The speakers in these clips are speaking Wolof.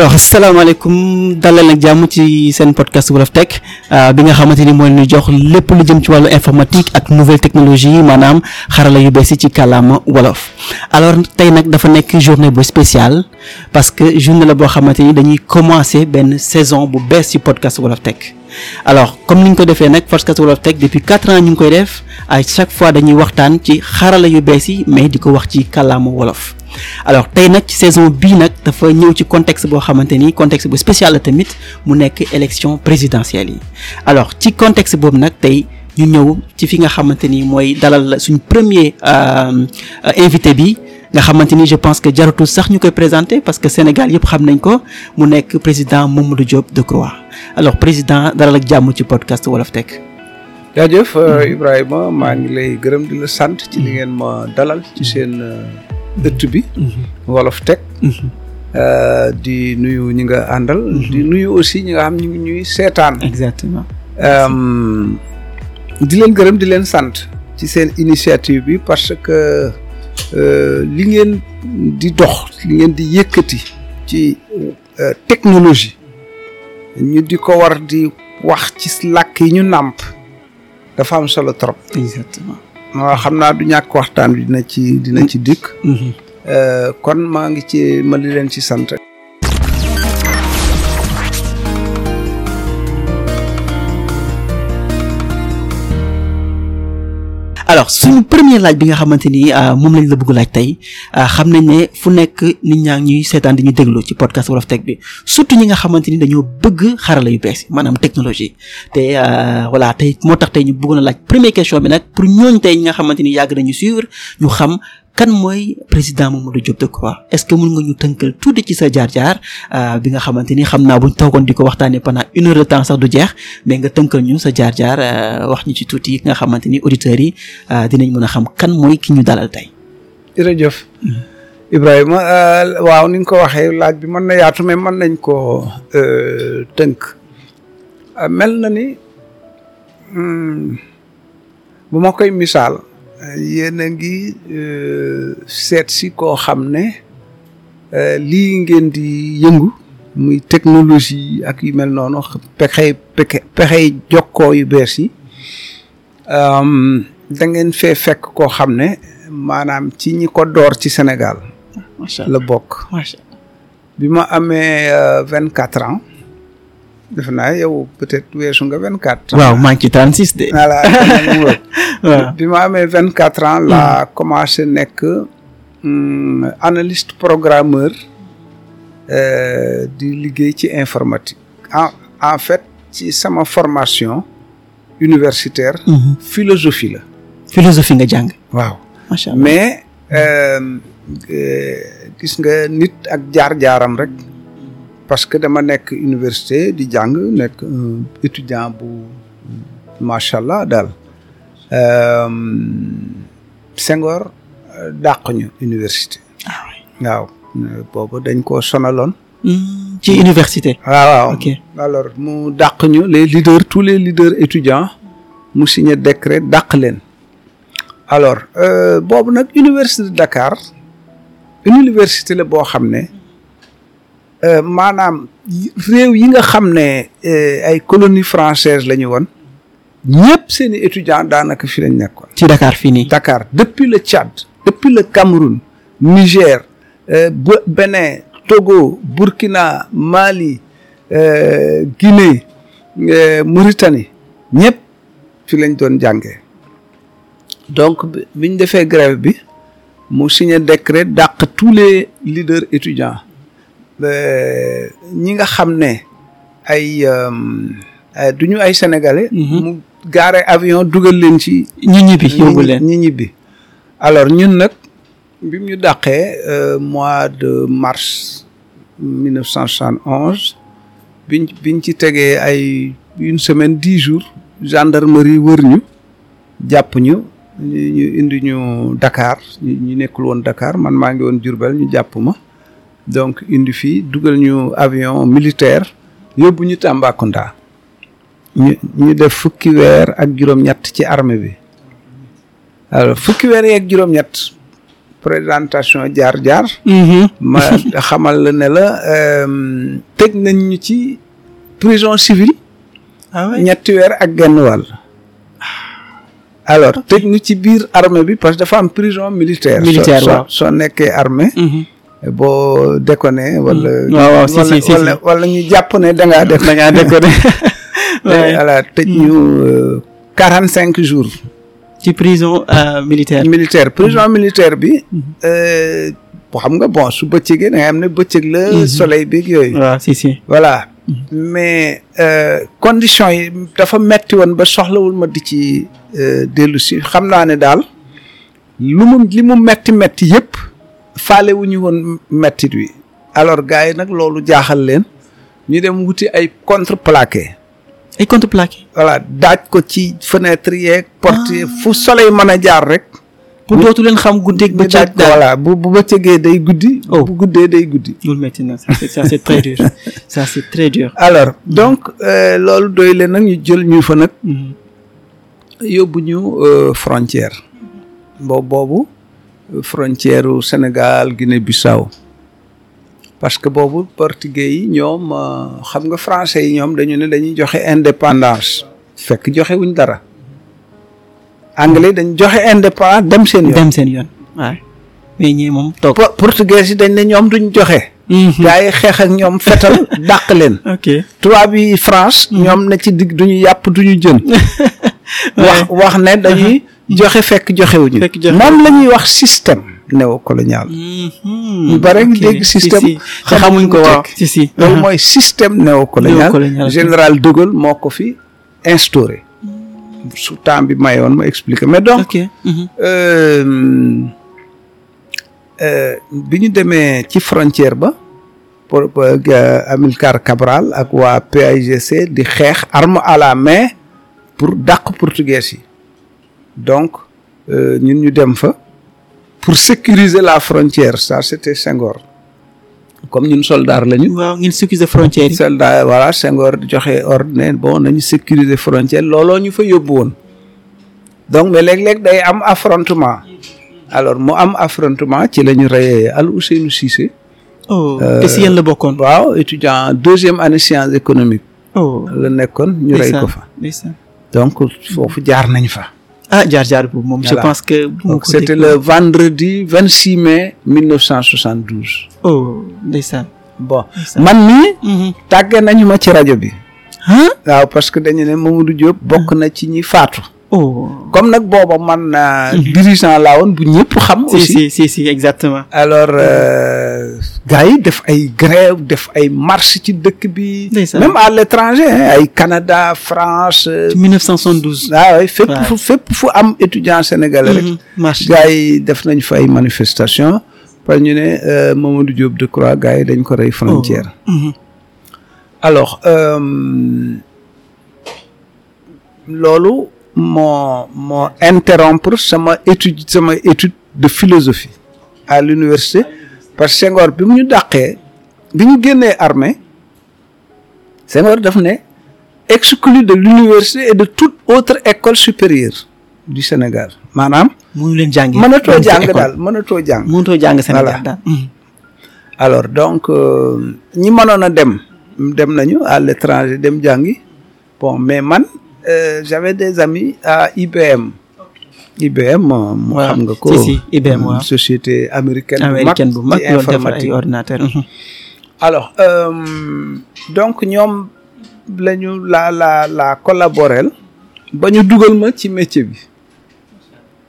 alors salaamaaleykum dalal nag jàmm ci seen podcast Wolof Tech euh, bi nga xamante ni mooy ñu jox lépp lu jëm ci wàllu informatique ak nouvelle technologie maanaam xarala yu bees yi ci kàllaama wolof alors tey nag dafa nekk journée bu spécial parce que journée la boo xamante ni dañuy commencer benn saison bu bees ci podcast Wolof Tech alors comme ni ñu ko defee nag Farscastu Wolof Tech depuis quatre ans ñu ngi koy def à chaque fois dañuy waxtaan ci xarala yu bees yi mais di ko wax ci kàllaamu wolof. alors tey nag ci saison bii nag dafa ñëw ci contexte boo xamante ni contexte bu spécial tamit mu nekk élection présidentielle yi alors ci contexte boobu nag tey. ñu ñëw ci fi nga xamante ni mooy dalal suñu premier euh, euh, invité bi nga xamante ni je pense que jaratul sax ñu koy présenter parce que Sénégal yëpp xam nañ ko mu nekk président moom Mamadou Diop Decroix alors président dalal ak jàmm ci podcast Wolof teg jaajëf euh, mm-hmm. Ibrahima maa ngi lay gërëm di la sant ci li mm-hmm. ngeen ma dalal ci mm-hmm. seen euh, ëtt bi. Wolof Tech. Euh, di nuyu ñi nga àndal. di nuyu aussi ñi nga xam ñu ngi ñuy seetaan. exactement. di leen gërëm di leen sant. ci seen initiative bi parce que. Euh, li ngeen di dox li ngeen di yëkkati ci euh, technologie ñu di ko war di wax ci lakk yi ñu nàmp dafa am solo trop. exactement. waaw xam naa du ñàkk waxtaan bi dina ci dina ci dikk. Mm-hmm. Euh, kon maa ngi ci ma di leen ci sant. alors suñu première laaj bi nga xamante ni euh, moom lañ la bëgg laaj tey euh, xam nañ ne fu nekk nit ñaa ngi seetaan di ñu déglu ci podcast Wolof Tech bi surtout ñi nga xamante ni dañoo bëgg xarala yu bees maanaam technologie te euh, voilà tey moo tax tey ñu bëggoon a laaj première question bi nag pour ñooñ tey ñi nga xamante ni yàgg nañu suivre ñu xam kan mooy président Mamadou Diop Decroix est-ce que mun nga ñu tënkal tuuti ci sa jaar-jaar euh, bi nga xamante ni xam naa buñ toogoon di ko waxtaanee pendant une heure de temps sax du jeex mais nga tënkal ñu sa jaar-jaar euh, wax ñu ci tuuti yi nga xamante ni auditeurs yi euh, dinañ mën a xam kan mooy ki ñu dalal tey. jërëjëf. Mm-hmm. waaw ni ko waxee laaj bi man na yaatu mais man nañ ko tënk mel na ni hmm, bu ma koy misaal yéen a ngi euh, seet si koo xam ne euh, lii ngeen di yëngu muy technologie ak yu mel noonu pexey pexe pexey jokkoo yu bees yi da ngeen fee fekk koo xam ne maanaam ci ñi ko door ci Sénégal la bokk bi ma amee euh, vingt quatre ans def naa yow peut-être weesu nga vingt quatre. waaw maa ngi ci trente six de. voilà waaw bi hmm. commencé nekk hmm, analyste programmeur euh, di liggéey ci informatique. en en fait ci sama formation universitaire. Hmm. philosophie la. philosophie nga jàng. waaw mais euh, euh, gis nga nit ak jaar-jaaram rek. parce que dama nekk université di jàng nekk étudiant bu macha allah daal euh, Senghor euh, dàq ñu université. Ah waaw boobu dañ ko sonaloon. Hmm, ci université. waaw ok alors mu dàq ñu les leaders tous les leaders étudiants mu signé décret dàq leen. alors euh, boobu nag université de Dakar université la boo xam ne. Euh, maanaam réew yi nga xam ne euh, ay colonie française la ñu woon ñëpp seeni i étudiants daanaka fi lañ nekkoon. ci Dakar fii nii. Dakar depuis le Tchad depuis le Cameroun Niger euh, Bénin Togo Burkina Mali Guinée Mauritanie ñëpp fi lañ doon jàngee donc biñ defee grève bi mu signé décret dàq tous les leaders étudiants. Euh, ñi nga xam ne ay euh, du ñu ay sénégalais. Mhm. mu gaare avion dugal leen ci. ñi ñibbi yóbbu ñi ñibbi. alors ñun nag bi mu ñu dàqee euh, mois de mars mille neuf cent soixante biñ ci tegee ay une semaine dix jours gendarmerie wër ñu jàpp ñu ñu indi ñu Dakar ñu nekkul woon Dakar man maa ngi woon Diourbel ñu jàpp ma. donc indi fii dugal ñu avion militaire yóbbu ñu Tambacounda ñu ñu def fukki weer ak juróom-ñett ci armée bi alors fukki weer yi ak juróom-ñett présentation jaar-jaar mhm. ma xamal la ne euh, teg nañ ñu ci prison civile ah ñetti weer ak genn wàll alors teg ñu ci biir arme bi parce que dafa am prison militaire militaire nekkee armée mhm. boo déconné wala. Mm. waaw waaw si ñu jàpp ne da ngaa def. da ngaa déconné. voilà eh, mm. ñu euh, quarante cinq jours. ci prison euh, militaire. militaire prison mm-hmm. militaire bi. boo mm-hmm. euh, xam nga bon su bëccëgee da ngay am ne bëccëg la. Mm-hmm. soleil bi yooyu. waaw voilà. mais condition yi dafa metti woon ba soxlawul ma di ci dellu si xam naa ne daal lu mu li mu metti yëpp. faale wu ñu woon mettit wi alors gars yi nag loolu jaaxal leen ñu dem wuti ay contreplaqué. ay contreplaqué. voilà daaj ko ci fenêtre yeeg. porte ah. fu soleil mën a jaar rek. pour dootu leen xam guddeeg bëccëg daal voilà bu bu bëccëgee day guddi. Oh. guddee day guddi. loolu métti na ça c'est très dur ça très dur. alors mm. donc euh, loolu doy leen nag ñu jël ñu fa nag. Mm. yóbbu ñu euh, frontière. Mm. boobu boobu. frontière u Sénégal Guinée Bissau parce que boobu portugais yi ñoom euh, xam nga français yi ñoom dañu ne dañuy joxe indépendance fekk joxe wuñ dara anglais dañ joxe indépendance dem seen yoon dem seen yoon ñii moom toog portugais yi dañ ne ñoom duñ joxe mhm. gars yi xeex ak ñoom fetal dàq leen ok tubaab yi France mhm. ñoom na ci digg du duñu yàpp duñu jën wax ne dañuy uh-huh. joxe fekk joxewuñu moom la ñuy wax système néocolonial. Mm-hmm. ñu bare ngi dégg système xamuñ ko waaw si si loolu mooy système néocolonial général de Gaulle moo ko fi instauré mm. su temps bi mayoon ma expliqué mais donc mm-hmm. euh, euh, bi ñu demee ci frontière ba pour euh, Amilcar Cabral ak waa PAIGC di xeex arme à la main pour dàq portugais yi donc euh, ñun ñu dem fa pour sécuriser la frontière ça c'était Senghor comme ñun soldat lañu. waaw ngeen sécuriser frontière yi. soldat voilà Senghor joxe ordre bon nañu sécuriser frontière looloo ñu fa yóbbu woon donc mais léeg-léeg day am affrontement alors mu am affrontement ci la ñu reyee Al Ousseynou Cissé. oh euh, te la bokkoon. waaw étudiant deuxième année sciences économiques. Oh. la nekkoon ñu rey ko fa. donc foofu jaar nañ fa. ah jaar jaar boobu moom. je pense que bu ma ko c'était le vendredi 26 mai 1972. oh ndeysaan. bon man mii. Mhm. tàggee nañu ma ci rajo bi. ah parce que dañu ne du Diop bokk ah. na ci ñi faatu. Oh. comme nag booba man. Euh, mhm. dirigeant laa woon bu ñëpp xam. aussi si si si exactement. alors euh, gars yi def ay grève def ay marche ci dëkk bi. même à l'étranger ay Canada France. Euh, ci 1972. waaw ah fu am étudiant sénégalais rek. Mhm, marche gars yi def nañ fa ay manifestations. parce ñu ne Mamadou Diop Decroix gars yi dañ ko rey frontière. Oh. Mhm. alors loolu. moo moo interrompre sama étude sama étude de philosophie à l'université parce que Senghor bi mu ñu dàqee bi ñu génnee armée Senghor daf ne exclu de l'université et de toute autre école supérieure du Sénégal maanaam. mënu leen jàngee mënatoo jàng daal mënatoo jàng. mënatoo jàng Sénégal daal mm. alors donc euh, ñi mënoon a dem dem nañu à l'étranger dem jàngi bon mais man. euh, j'avais des amis à IBM. IBM moo xam nga ko si IBM waaw société bu mag loolu defar ay ordinateur mhm. mhm. alors euh, donc ñoom la ñu la la collaborel ba ñu dugal ma ci métier bi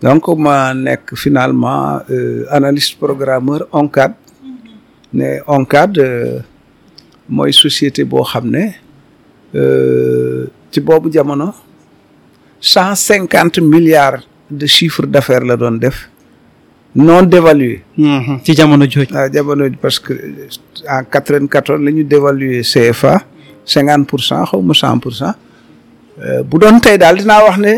donc ma nekk finalement euh, analyste programmeur ONCAD mhm. ne ONCAD euh, mooy société boo xam ne euh, ci boobu jamono cent cinquante milliards de chiffre d'affaires la doon def non dévalué. Mhm. ci jamono jooju. Ah, jamono parce que euh, en quatre vingt quatorze la ñu dévalué CFA cinquante pour cent xaw cent pour cent euh, bu doon tey daal dinaa wax ne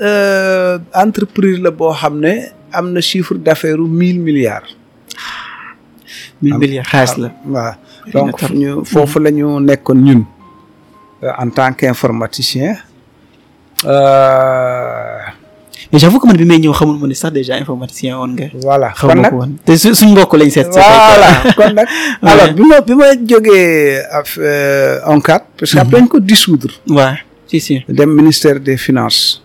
euh, entreprise la boo xam ne am na chiffre d'affaires mille milliards. mille milliards xaalis la. waa donc foofu la ñu nekkoon ñun. Euh, en tant qu'informaticien euh, mais j'avoue que man bi may ñëw xamul ma ne sax déjà informaticien woon nga. voilà kon nag xamuma mbokk lañ seet. ma bi ma jógee euh, ONCAD. parce que après mhm. dañ dissoudre. waaw si si. dem ministère des finances.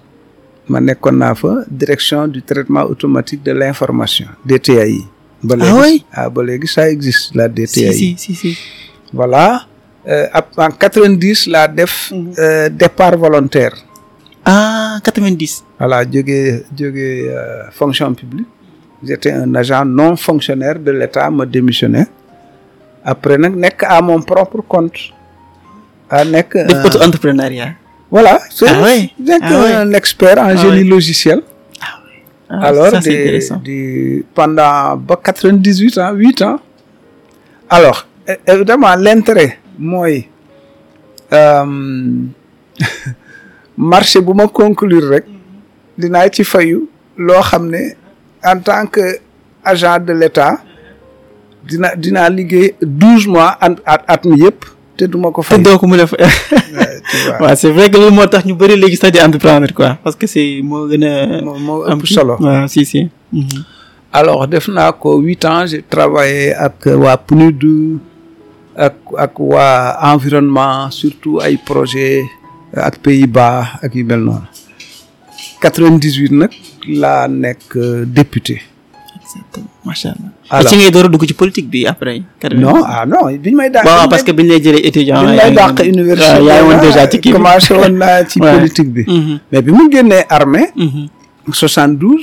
ma nekkoon naa fa direction du traitement automatique de l'information DTAI. ba ah léegi ah ba léegi ça existe la DTAI. si si si si. voilà. Euh, ab en quatre-vingt-dix def. Mhm. Euh, départ volontaire. ah quatre-vingt-dix. voilà jógee jógee euh, fonction publique. j'étais un agent non fonctionnaire de l'État ma démissionné après nag nekk à mon propre compte. ah nekk def auto entrepreneuriat. voilà c'est ah nekk ah un expert en ah génie logiciel. Ah alors ça, pendant ba quatre-vingt-dix-huit ans huit ans alors évidemment l'intérêt mooy euh, marché bu ma conclure rek mm-hmm. dinaa ci fayu loo xam ne en tant que agent de l'État dina dinaa liggéey douze mois at at at mi yëpp te duma ko fay. te doo ko mën a fay waaw c'est vrai que loolu moo tax ñu bëri léegi sax di entreprendre quoi parce que c'est moo gën a. moo solo waaw si si. Mm-hmm. alors def naa ko huit ans j'ai travaillé ak waa PNUD. ak waa environnement surtout ay projet euh, ak pays ba ak yu mel noonu 98 nag la nekk euh, député. exactement macha allah. alors ci ngay door a dugg ci politique bi après. non ah non biñ may dàq. waaw parce que biñ lay jëlee étudiant. biñ déjà ah, ci kii bi commencé woon naa ci politique bi. Mm-hmm. mais bi mu génnee armée. 72. Mm-hmm.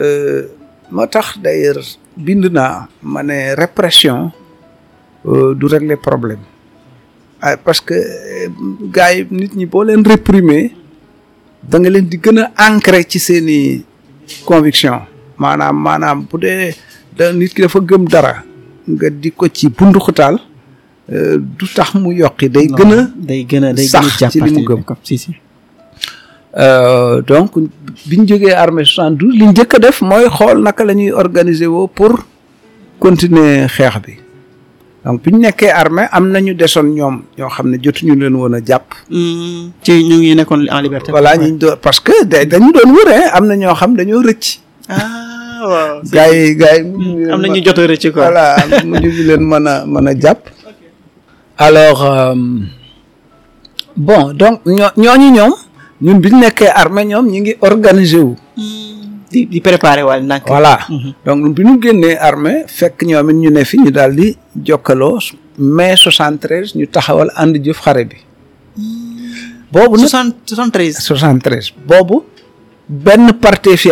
Euh, moo tax d'ailleurs bind naa ma ne répression. Euh, du régler problème ah, parce que euh, gars yi nit ñi boo leen réprimer da nga leen di gën a ancré ci seen i conviction maanaam maanaam bu dee da nit ki dafa gëm dara nga di ko ci bunduxutaal euh, du tax mu yokki day gën a day gën a sax ci li mu gëm si si donc biñ jógee armée 72 li njëkk a def mooy xool naka la ñuy organiser woo pour continuer xeex bi donc bi ñu nekkee armée am na ñu desoon ñoom ñoo xam ne jotuñu leen woon a jàpp. Mm. ci ñu ngi nekkoon en liberté. voilà ñu doon parce que dañu doon wër am na ñoo xam dañoo rëcc. ah waaw. gars yi gars yi. Mm. am na ñu jot a rëcc quoi. leen mën a mën a jàpp. alors euh, donc ñoo ñooñu ñoom ñu bi ñu nekkee armée ñoom ñi ngi organiser wu. Mm. di di préparer waale voilà mhm. donc bi ñu génnee armée fekk ñoom it ñu ne fi ñu daal di jokkaloo mai 73 ñu taxawal ànd jëf xare bi. boobu nag 73. 73 boobu benn parti fi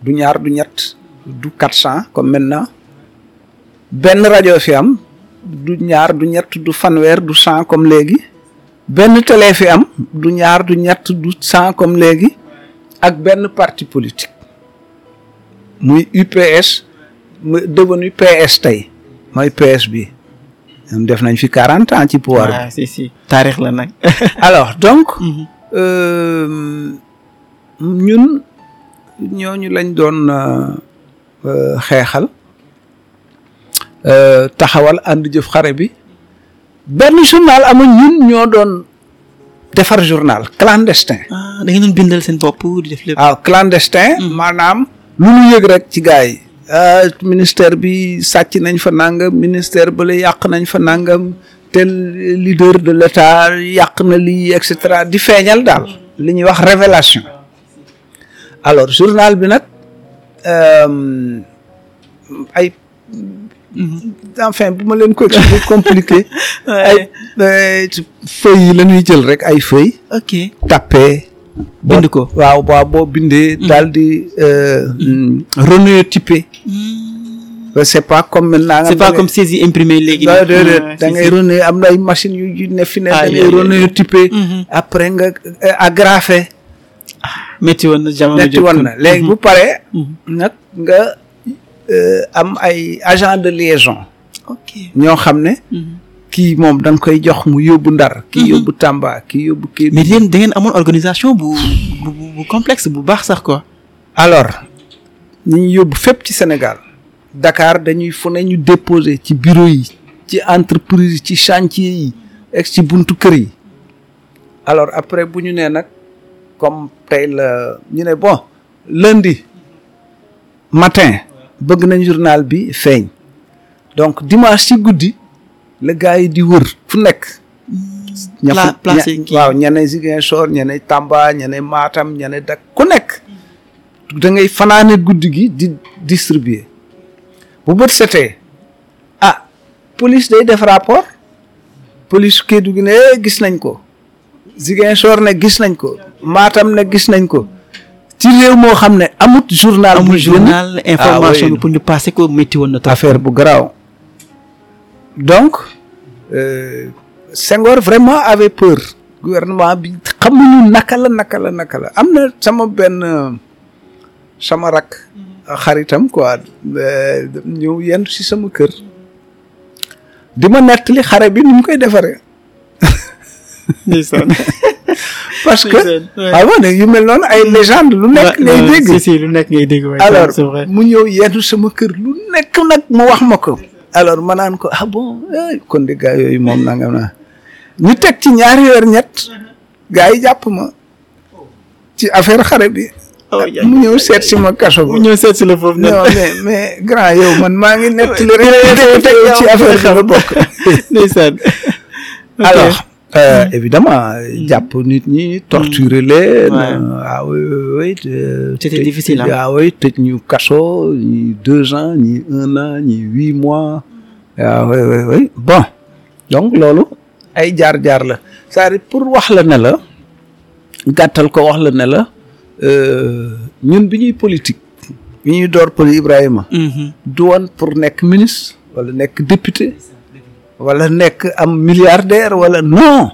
du ñaar du ñett du 400 comme na benn rajo fi am du ñaar du ñett du fanweer du 100 comme léegi benn télé fi du ñaar du ñett du 100 comme léegi. ak benn parti politique muy UPS mu devenu tey mooy PS bi ñoom def nañ fi quarante ans ci pouvoir bi. Ah, si si taarix la nag. alors donc. Mhm. Euh, ñun ñooñu lañ doon euh, xeexal euh, taxawal ànd jëf xare bi benn journal amul ñun ñoo doon. defar journal clandestin. ah da ngeen doon bindal seen bopp hmm. lu ñu rek ci gars yi. Ah, ministère bi sàcc nañ fa nangam ministère bële yàq nañ fa nangam tel leader de l' état yàq na lii et cetera di feeñal daal. li ñuy wax révélation alors journal bi nag euh, hmm. enfin bu ma leen ko compliqué. Eh, feuilles yi la ñuy jël rek ay feuilles. ok tapé. bind ko waaw waaw boo bindee. Mm. daal di euh, renéotypé. Mm. Euh, c'est pas comme maintenant. c'est pas comme saisie imprimée léegi. Mm, da ngay am na ay machines fi ne. Ah, da ngay renéotypé. Mm-hmm. après nga euh, agrafé. Ah, metti woon na léegi bu mm-hmm. paree. Mm-hmm. nga ay agent de liaison. ñoo xam ne. kii moom da koy jox mu yóbbu ndar. kii mhm. yóbbu Tamba kii yóbbu kii. mais yéen da ngeen amoon organisation bu bu bu bu baax sax ko alors ñu yóbbu fépp ci Sénégal. Dakar dañuy fu ñu déposé ci bureau yi ci entreprise ci chantier yi ak buntu kër yi alors après bu ñu nee nag comme tey la ñu ne bon lundi matin bëgg nañ journal bi feeñ donc dimanche ci guddi. la gars yi di wër fu nekk. ña place yi waaw ña ne Ziguinchor ña ne Tamba ña maatam ñane ña ne Dak ku nekk. da ngay fanaane guddi gi di distribuer. bu bët sete a ah, police day def rapport police Kédougou ne eh, gis nañ ko. Ziguinchor ne gis nañ ko. maatam ne gis nañ ko. ci moo xam ne amut journal. amul journal ah, information bi pour ñu passé ko métti woon na. affaire bu garaaw. donc euh, Senghor vraiment avait peur gouvernement bi xamuñu naka la naka la naka la am na sama benn sama rak xaritam quoi euh, ñëw yenn si sama kër di ma nettali xare bi ni mu koy defaree. parce que ah bon yu mel noonu ay légende lu nekk ngay dégg. lu nekk ngay dégg. alors mu ñëw yenn sama kër lu nekk nag mu wax ma ko. alors ma naan ko ah bon eh, kon de gars yooyu moom nangam naa ñu teg ci ñaari weer ñett gars yi jàpp ma ci affaire xare bi. Oh, ah, mu ñëw seet si ma kaso ba. mu ñëw seet si la foofu. non mais mais grand yow man maa ngi nettali rek. teg ci affaire xare bokk. ndeysaan alors. Euh, mmh. évidemment mm. jàpp nit ñi torturer mm. leen euh, ah oui oui c'était difficile ah oui tëj ñu kaso ñi deux ans ñi un an ñi huit mois ah bon donc loolu ay jaar-jaar la cest à pour wax la ne la gàttal ko wax la ne euh, ñun bu ñuy politique bi ñuy door poli Ibrahima mm-hmm. du woon nekk ministre wala nekk député wala nekk am milliardaire wala non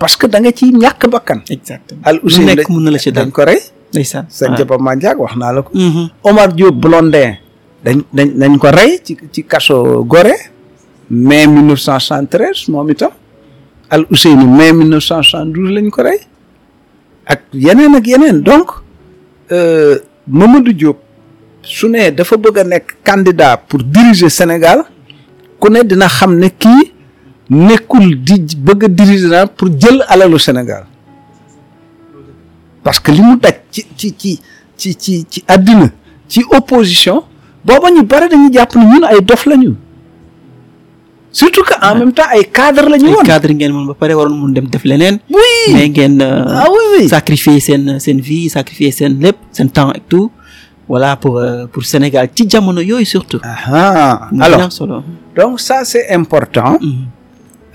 parce que da nga ciy ñàkk bakkan exactement al Ousseyn nekk mun na la ci dañ ko rey ndeysaan sëñ Jaba ah. Mandiaak wax naa la ko mm-hmm. Omar Diop Blondin dañ dañ dañ ko rey ci ci kaso Gorée mai 1973 moom itam al Ousseyni mai 1972 lañ ko rey ak yeneen ak yeneen donc euh, Mamadou Diop su ne dafa bëgg a nekk candidat pour diriger Sénégal ku ne dina xam ne kii nekkul di bëgg a diriger pour jël alalu Sénégal parce que li mu daj ci ci ci ci ci ci àddina ci opposition booba ñu bare dañuy jàpp ne ñun ay dof lañu surtout que en ah. même temps ay cadre la ñu woon ngeen moom ba pare waroon mun dem def leneen. oui mais ngeen. Euh, ah sacrifier seen seen vie sacrifier seen lépp seen temps et tout voilà pour euh, pour Sénégal ci jamono yooyu surtout. ah, ah. alors solo. donc ça c'est important mm-hmm.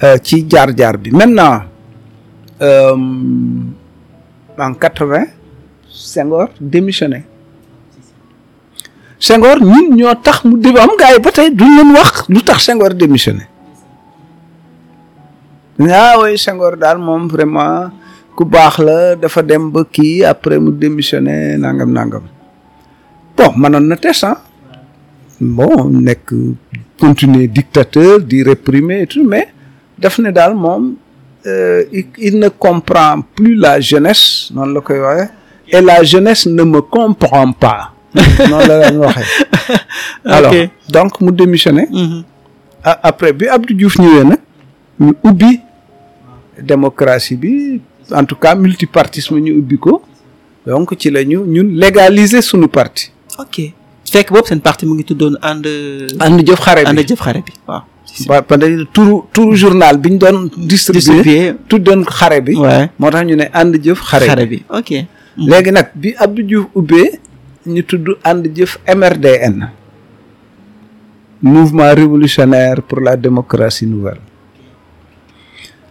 euh, ci jaar-jaar bi maintenant euh, en quatre-vingt Senghor démissionné sengoor ñun ñoo tax mu dé am gars ba tey duñ leen wax lu tax Senghor démissionné ah oui Senghor daal moom vraiment ku baax la dafa dem ba kii après mu démissionné nangam nangam bon mënoon na tes ah bon nekk continuer dictateur di réprimer et tout mais daf ne daal moom euh, il ne comprend plus la jeunesse noonu la koy waxee et la jeunesse ne me comprend pas noonu la leen waxee donc mu démissionné mm-hmm. ah, après bi Abdou Diouf ñëwee nag ñu ubbi démocratie bi en tout cas multipartisme ñu ubbi ko donc ci la ñu ñun légaliser sunu parti su fekkee boobu seen parti mu ngi tuddoon ànd. ànd jëf xare bi ànd jëf xare bi waaw. waaw parce que turu turu journal bi ñu doon. distribué tuddoon xare bi. moo tax ñu ne ànd jëf. xare bi ok. Mm. léegi nag bi Abdou Diouf ubbee ñu tudd ànd jëf MRDN. mouvement révolutionnaire pour la démocratie nouvelle.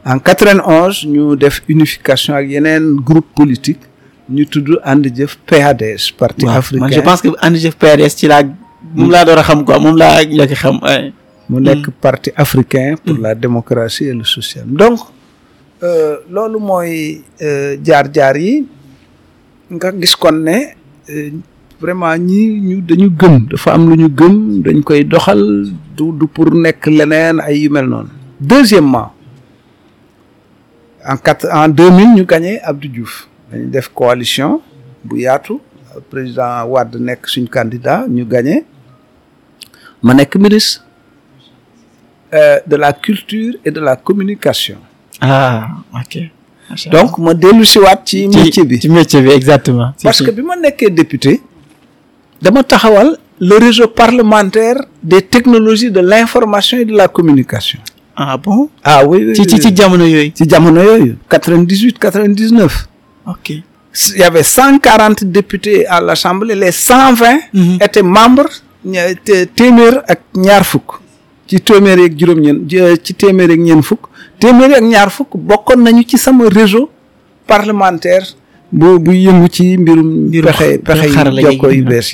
en 91 ñu def unification ak yeneen groupe politique. ñu tudd ànd jëf PADS. parti africain man que ànd jëf ci laa. moom laa door a xam ko moom laa njëkk xam mu nekk hmm. parti africain. pour hmm. la démocratie et le social. donc euh, loolu mooy euh, jaar-jaar yi nga gis kon ne euh, vraiment ñi dañu gëm dafa am lu ñu gëm dañ koy doxal du du pour nekk leneen ay yu mel noonu. deuxièmement en quatre en deux mille ñu gagné Abdou Diouf. dañu def coalition bu yaatu président Wade nekk suñ candidat ñu gagné ma nekk ministre euh, de la culture et de la communication. ah donc ma dellu waat ci métier bi ci métier bi exactement. parce que bi ma nekkee député dama taxawal le réseau parlementaire des technologies de l'information et de la communication. ah bon. ah oui oui ci ci jamono yooyu. ci jamono yooyu. quatre-vingt-dix-huit quatre-vingt-dix-neuf OK. Il y avait 140 députés à l'Assemblée, les 120 mm -hmm. membre membres téeméer ak ñaar fukk ci téeméer ak juróom ñeen euh, ci téeméer ak ñeen fukk téeméer ak ñaar fukk bokkoon nañu ci sama réseau parlementaire bu bu yëngu ci mbirum pexe pexe yi jokko yu bees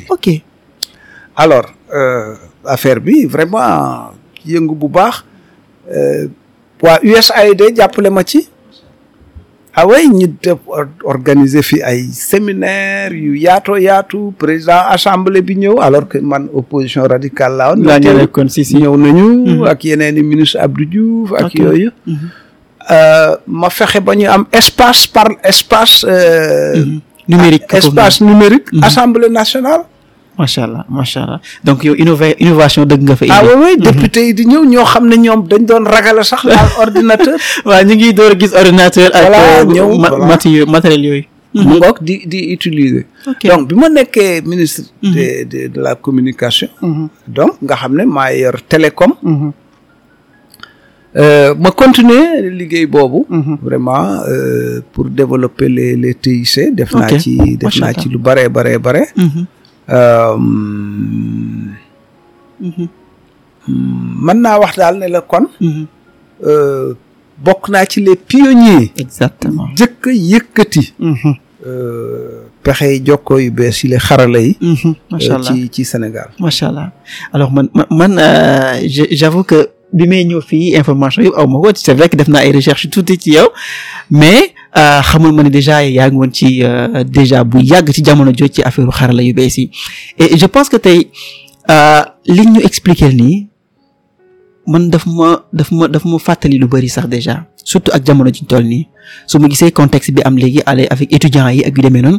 alors euh, affaire bi vraiment yëngu bu baax euh, waa USAID jàppale ma ci ah oui ñu def organiser fi ay séminaire yu yaato yaatu président assemblée bi ñëw alors que man opposition radicale laa woon. laa si si ñëw nañu. Mhm. ak yeneen i ministre Abdou Diouf ak yooyu. Mhm. Euh, ma fexe ba ñu am espace par espace. Euh, mhm. numérique ah, espace numérique. assemblée nationale. macha allah macha allah donc yow innové innovation dëgg nga fa. ah mhm. yi di ñëw ñoo xam ne ñoom dañ doon ragala sax ordinateur. waa ñu ngi door a gis ordinateur. ak euh, ñëw matériel matériel yooyu. Mhm. mu ngoog di di utiliser. donc bi ma nekkee ministre. de mhm. de de la communication. donc nga xam ne maa yor télécom. Euh, ma continuer liggéey boobu. vraiment euh, pour développer les les TIC. def def naa ci lu bare bare bare. Euh, mën naa wax daal ne kon. Mhm. Euh, bokk naa ci les pionniers. exactement jëkk yëkkati. Mhm. Euh, pexe yi jokkoo yu bees yi xarala yi. Mhm. ci ci Sénégal. macha allah man man j'avoue que. bi may ñëw fii information yëpp aw ma ko c'est vrai que def naa ay recherche tuuti ci yow mais euh, xamul ma ne déjà yaa ngi woon ci euh, déjà bu yàgg ci jamono joj ci affaire xarala yu bees yi je pense que tey euh, li ñu expliquer nii man daf ma daf ma daf ma fàttali lu bari sax déjà surtout ak jamono ji toll nii su ma gisee contexte bi am léegi allez avec étudiants yi ak yu demee noonu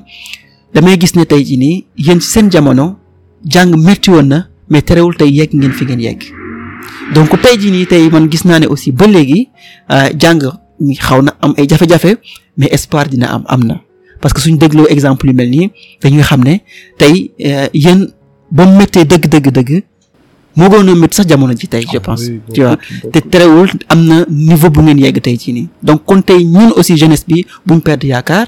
damay gis ne tey jii nii yéen seen jamono jàng métti woon na mais terewul tey yegg ngeen fi ngeen yegg. donc tey jii nii tey man gis naa ne aussi ba léegi euh, jàng mi xaw na am ay jafe mais espoir dina am am na parce que suñ dégloo exemple yu mel nii dañuy xam ne tey euh, yéen ba mu méttee dëgg dëgg dëgg moo gën a jamono ji tey je ah pense tu vois te terewul am na niveau bu ngeen yegg tey ci nii donc kon tey ñun aussi jeunesse bi buñ perdre yaakaar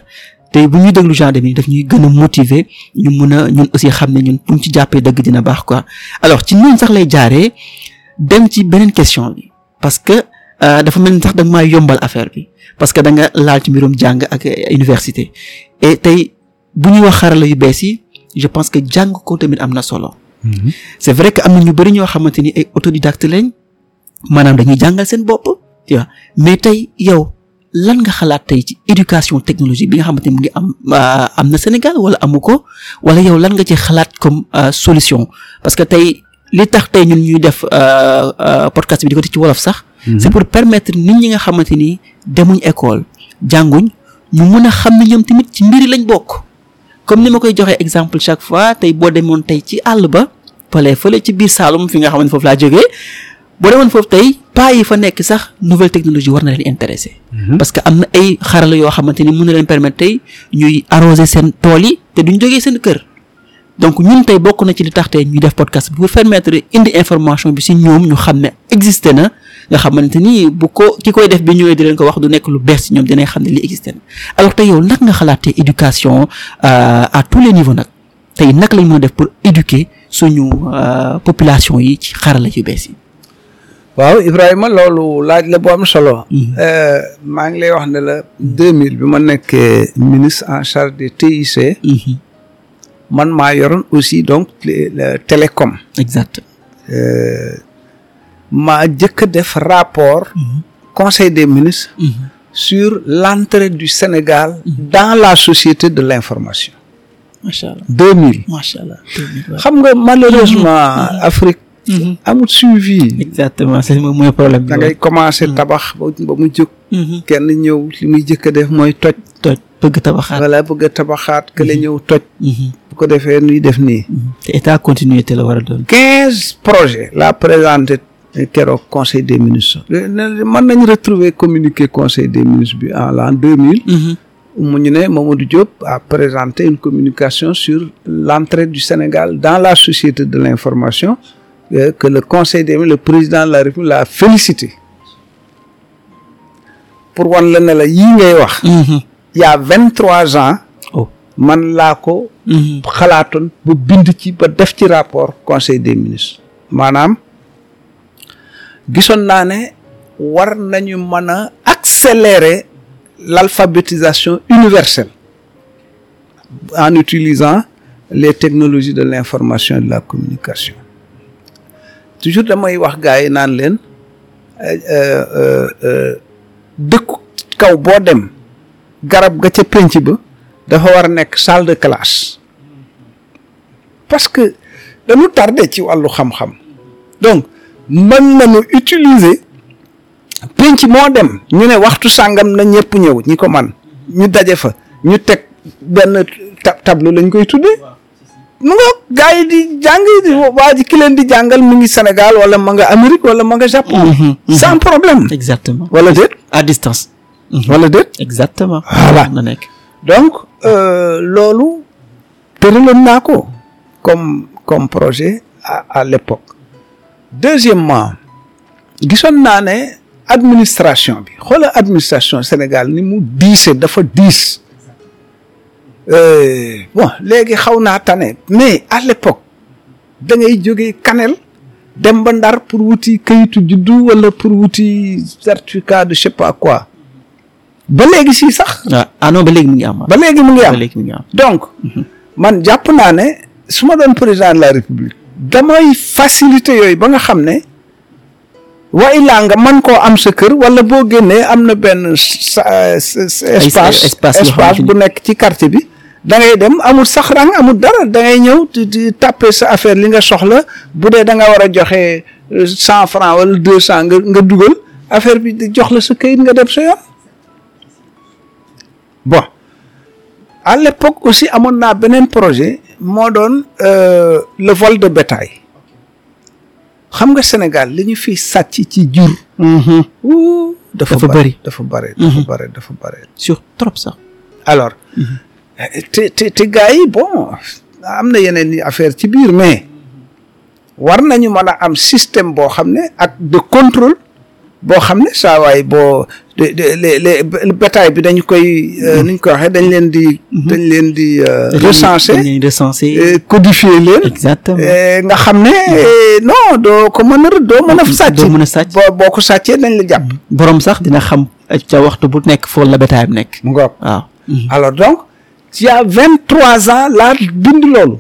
te bu ñuy déglu genre de daf ñuy gën a motiver ñu mun a ñun aussi xam ne ñun buñ ci jàppee dëgg dina baax quoi alors ci noonu sax lay jaaree dem ci beneen question bi parce que euh, dafa mel ni sax da maa yombal affaire bi parce que danga nga laal ci mbirum jàng ak université et tey bu ñuy wax xarala yu bees yi je pense que jàng ko tamit am na solo. Mm-hmm. c'est vrai que am na ñu bari ñoo xamante ni ay autodidacte lañ maanaam dañuy jàngal seen bopp tu mais tey yow lan nga xalaat tey ci éducation technologique bi nga xamante ni mu ngi am euh, am na Sénégal wala amu ko wala yow lan nga ci xalaat comme euh, solution parce que tey. li tax tey ñun ñuy def euh, euh, podcast bi di ko ci wolof sax. Mhm. c'est pour permettre nit ñi nga xamante ni demuñ école jànguñ ñu mun a xam ne ñoom tamit ci mbir mbiri lañ bokk. comme ni ma koy joxee exemple chaque fois tey boo demoon tey ci àll ba fële fële ci biir Saalum fi nga xam ne foofu laa jóge boo demoon foofu tey paa yi fa nekk sax nouvelle technologie war na leen intéressé. Mhm. parce que am na ay xarala yoo xamante ni mun na leen permettre tey ñuy arroser seen tool yi te duñ jógee seen kër. donc ñun tey bokk na ci li tax tey ñuy def podcast bi pour permettre indi information bi si ñoom ñu xam ne existé na nga xamante ni bu ko ki koy def bi ñëwee di ko wax du nekk lu bees si ñoom dinañ xam ne li existé na alors tey yow nag nga xalaatee éducation euh, à tous les niveaux nag tey nag lañ moo def pour éduquer suñu euh, population yi ci xarala ci bees yi. waaw Ibrahima loolu laaj la bu am solo. Mm-hmm. Euh, maa ngi lay wax ne la. mille bi ma nekkee ministre en charge des TIC. Mm-hmm. man maa yoroon aussi donc télécom. exact. Euh, maa njëkk a rapport. Mhm. conseil des ministres. Mhm. sur l'entrée du Sénégal. Mhm. dans la société de l'information. macha allah deux macha allah xam nga malheureusement. Afrique. amul suivi. exactement c'est mooy problème bi. da ngay commencer tabax ba mu jóg. kenn ñëw li muy njëkk a def mooy toj. toj bëgg tabaxaat wala bëgg a tabaxaat que la mhm. ñëw toj. Mhm. bu ko defee nuy def nii. Mhm. te état continuité la war a doon. quinze projets la présenté keroog conseil des ministres. ma nañ retrouver communiqué conseil des ministres bi en l'an deux mille. mu ñu ne du Diop a présenté une communication sur l'entrée du Sénégal dans la société de l'information euh, que le conseil des ministres président la République l'a félicité pour la ne la yii ngay wax. y vingt trois ans oh. man laa ko mhm. xalaatoon bu bind ci ba def ci rapport conseil des ministres maanaam gisoon naa ne war nañu mën a accélérer l'alphabétisation universelle en utilisant les technologies de l'information et de la communication toujours damay wax gars naan leen euh, euh, euh, dëkku kaw boo dem garab ga ca pénc ba dafa war a nekk salle de classe parce que dañu tardé ci wàllu xam-xam donc mën nañu utiliser pénc moo dem ñu ne waxtu sàngam na ñëpp ñëw ñi ko man ñu daje fa ñu teg benn tableau lañ koy tuddee mu nga gars yi di jàng di ji ki leen di jàngal mu ngi Sénégal wala ma nga Amérique wala ma nga mm-hmm. sans problème. exactement wala déet à distance. Mhm. wala déet. exactement. voilà na nekk. donc euh, loolu. tëraloon naa ko. comme comme projet a à l'époque. deuxièmement gisoon naa ne administration bi xoola administration Sénégal ni mu diise dafa diis. Euh, bon léegi xaw naa tane mais à l'époque da ngay jógee Kanel dem ba Ndar pour wuti kayitu juddu wala pour wuti certificat de je sais pas quoi. ba léegi si sax. ah, ah non ba mu ngi am. ba léegi mu ngi am ba léegi mu donc man jàpp naa ne su ma doon président de la république. damay facilité yooyu ba nga xam ne. wa illaa nga mën koo am sa kër wala boo génnee am na benn euh, espace espace bu nekk ci quartier bi. da ngay dem amul sax rang amul dara da ngay ñëw di tàppe sa affaire li nga soxla bu dee da nga war a joxe euh, cent franc wala deux cent nga nga dugal affaire bi di jox la sa kayit nga dem sa yoon. bon à l'époque aussi amoon naa beneen projet moo doon euh, le vol de bétail xam nga Sénégal li ñu fi sàcc ci jur. Mm-hmm. dafa bëri dafa bëri dafa bëri mm-hmm. dafa bëri. sur trop sax. alors mm-hmm. te te te gars bon am na yeneen i affaire ci biir mais war nañu mën a am système boo xam ne ak de contrôle boo xam ne saa waay boo les les bétail bi dañu koy euh, mm-hmm. nu koy ko waxee dañ leen di. Mm-hmm. dañ leen di euh, recenser dañ leen recenser euh, codifier leen. exactement nga xam ne mm-hmm. non doo ko mën a doo mën a sàcc. doo mën a sàcc boo boo ko sàccee dañ la jàpp. borom sax dina xam ca waxtu bu nekk foofu la bétail bi nekk. mu ngoog waaw. alors donc il y a vingt trois ans laa bind loolu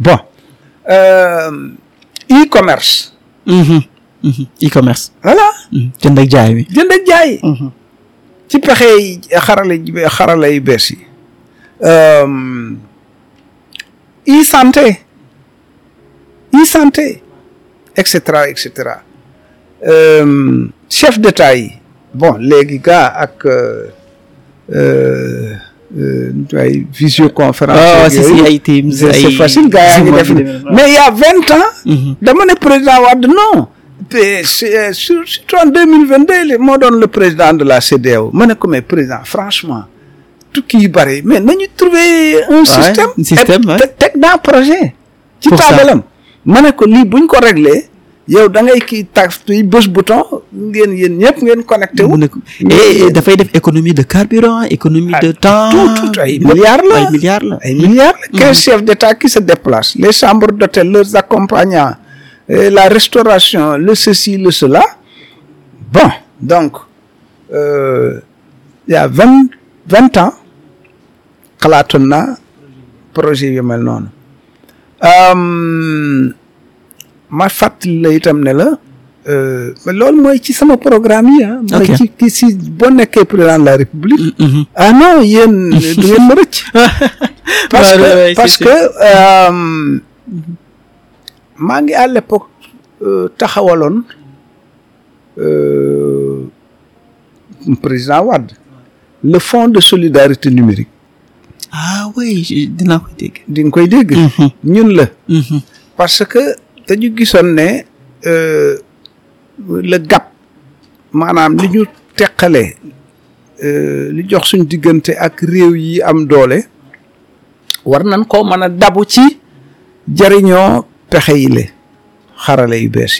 bon e-commerce. Mhm. e-commerce. voilà. Mhm. jënd ak jaay bi jënd jaay. Mhm. ci pexe yi xarala yu bees yi. Ehm, e-santé. e-santé. et cetera et cetera. Ehm, chef d'état yi. bon léegi gars ak. Euh, euh, euh, ay visioconférence. Ah, yooyu ay Teams ay mais il y a vingt ans. dama ne président Wade non. te sur surtout en mille vingt deux moo doon le président de la CEDEAO ma ne ko mais président franchement tukki yu bëri mais nañu trouver un système un teg dans projet ci taabalam ma ne ko lii buñ ko réglé yow da ngay kii tax tuy bés bouton ngeen yéen ñëpp ngeen connecté wu dafay def économie de carburant économie de ah, temps tout tout ay milliards la ay milliards la ay milliards la mm-hmm. quinze chefs d'état qui se déplacent les chambres d'hôtel leurs accompagnants la restauration le ceci le cela bon donc euh, vingt ans xalaatoon na projet yu noonu euh, ma fàttali la itam ne la euh, loolu mooy ci sama programme yi ah. ok mooy ci si boo nekkee président la république. Mm-hmm, mm-hmm. ah non yéen du ngeen parce que parce que. Euh, maa ngi à l'époque euh, taxawaloon euh, président Wade le fonds de solidarité numérique. ah oui dinaa koy dégg. di nga dégg. Mm-hmm. ñun la. Mm-hmm. parce que dañu gisoon ne euh, le gap maanaam li ñu teqalee li jox suñ diggante ak réew yi am doole war nañ koo dabu ci jariñoo pexe yi le xarale yu bees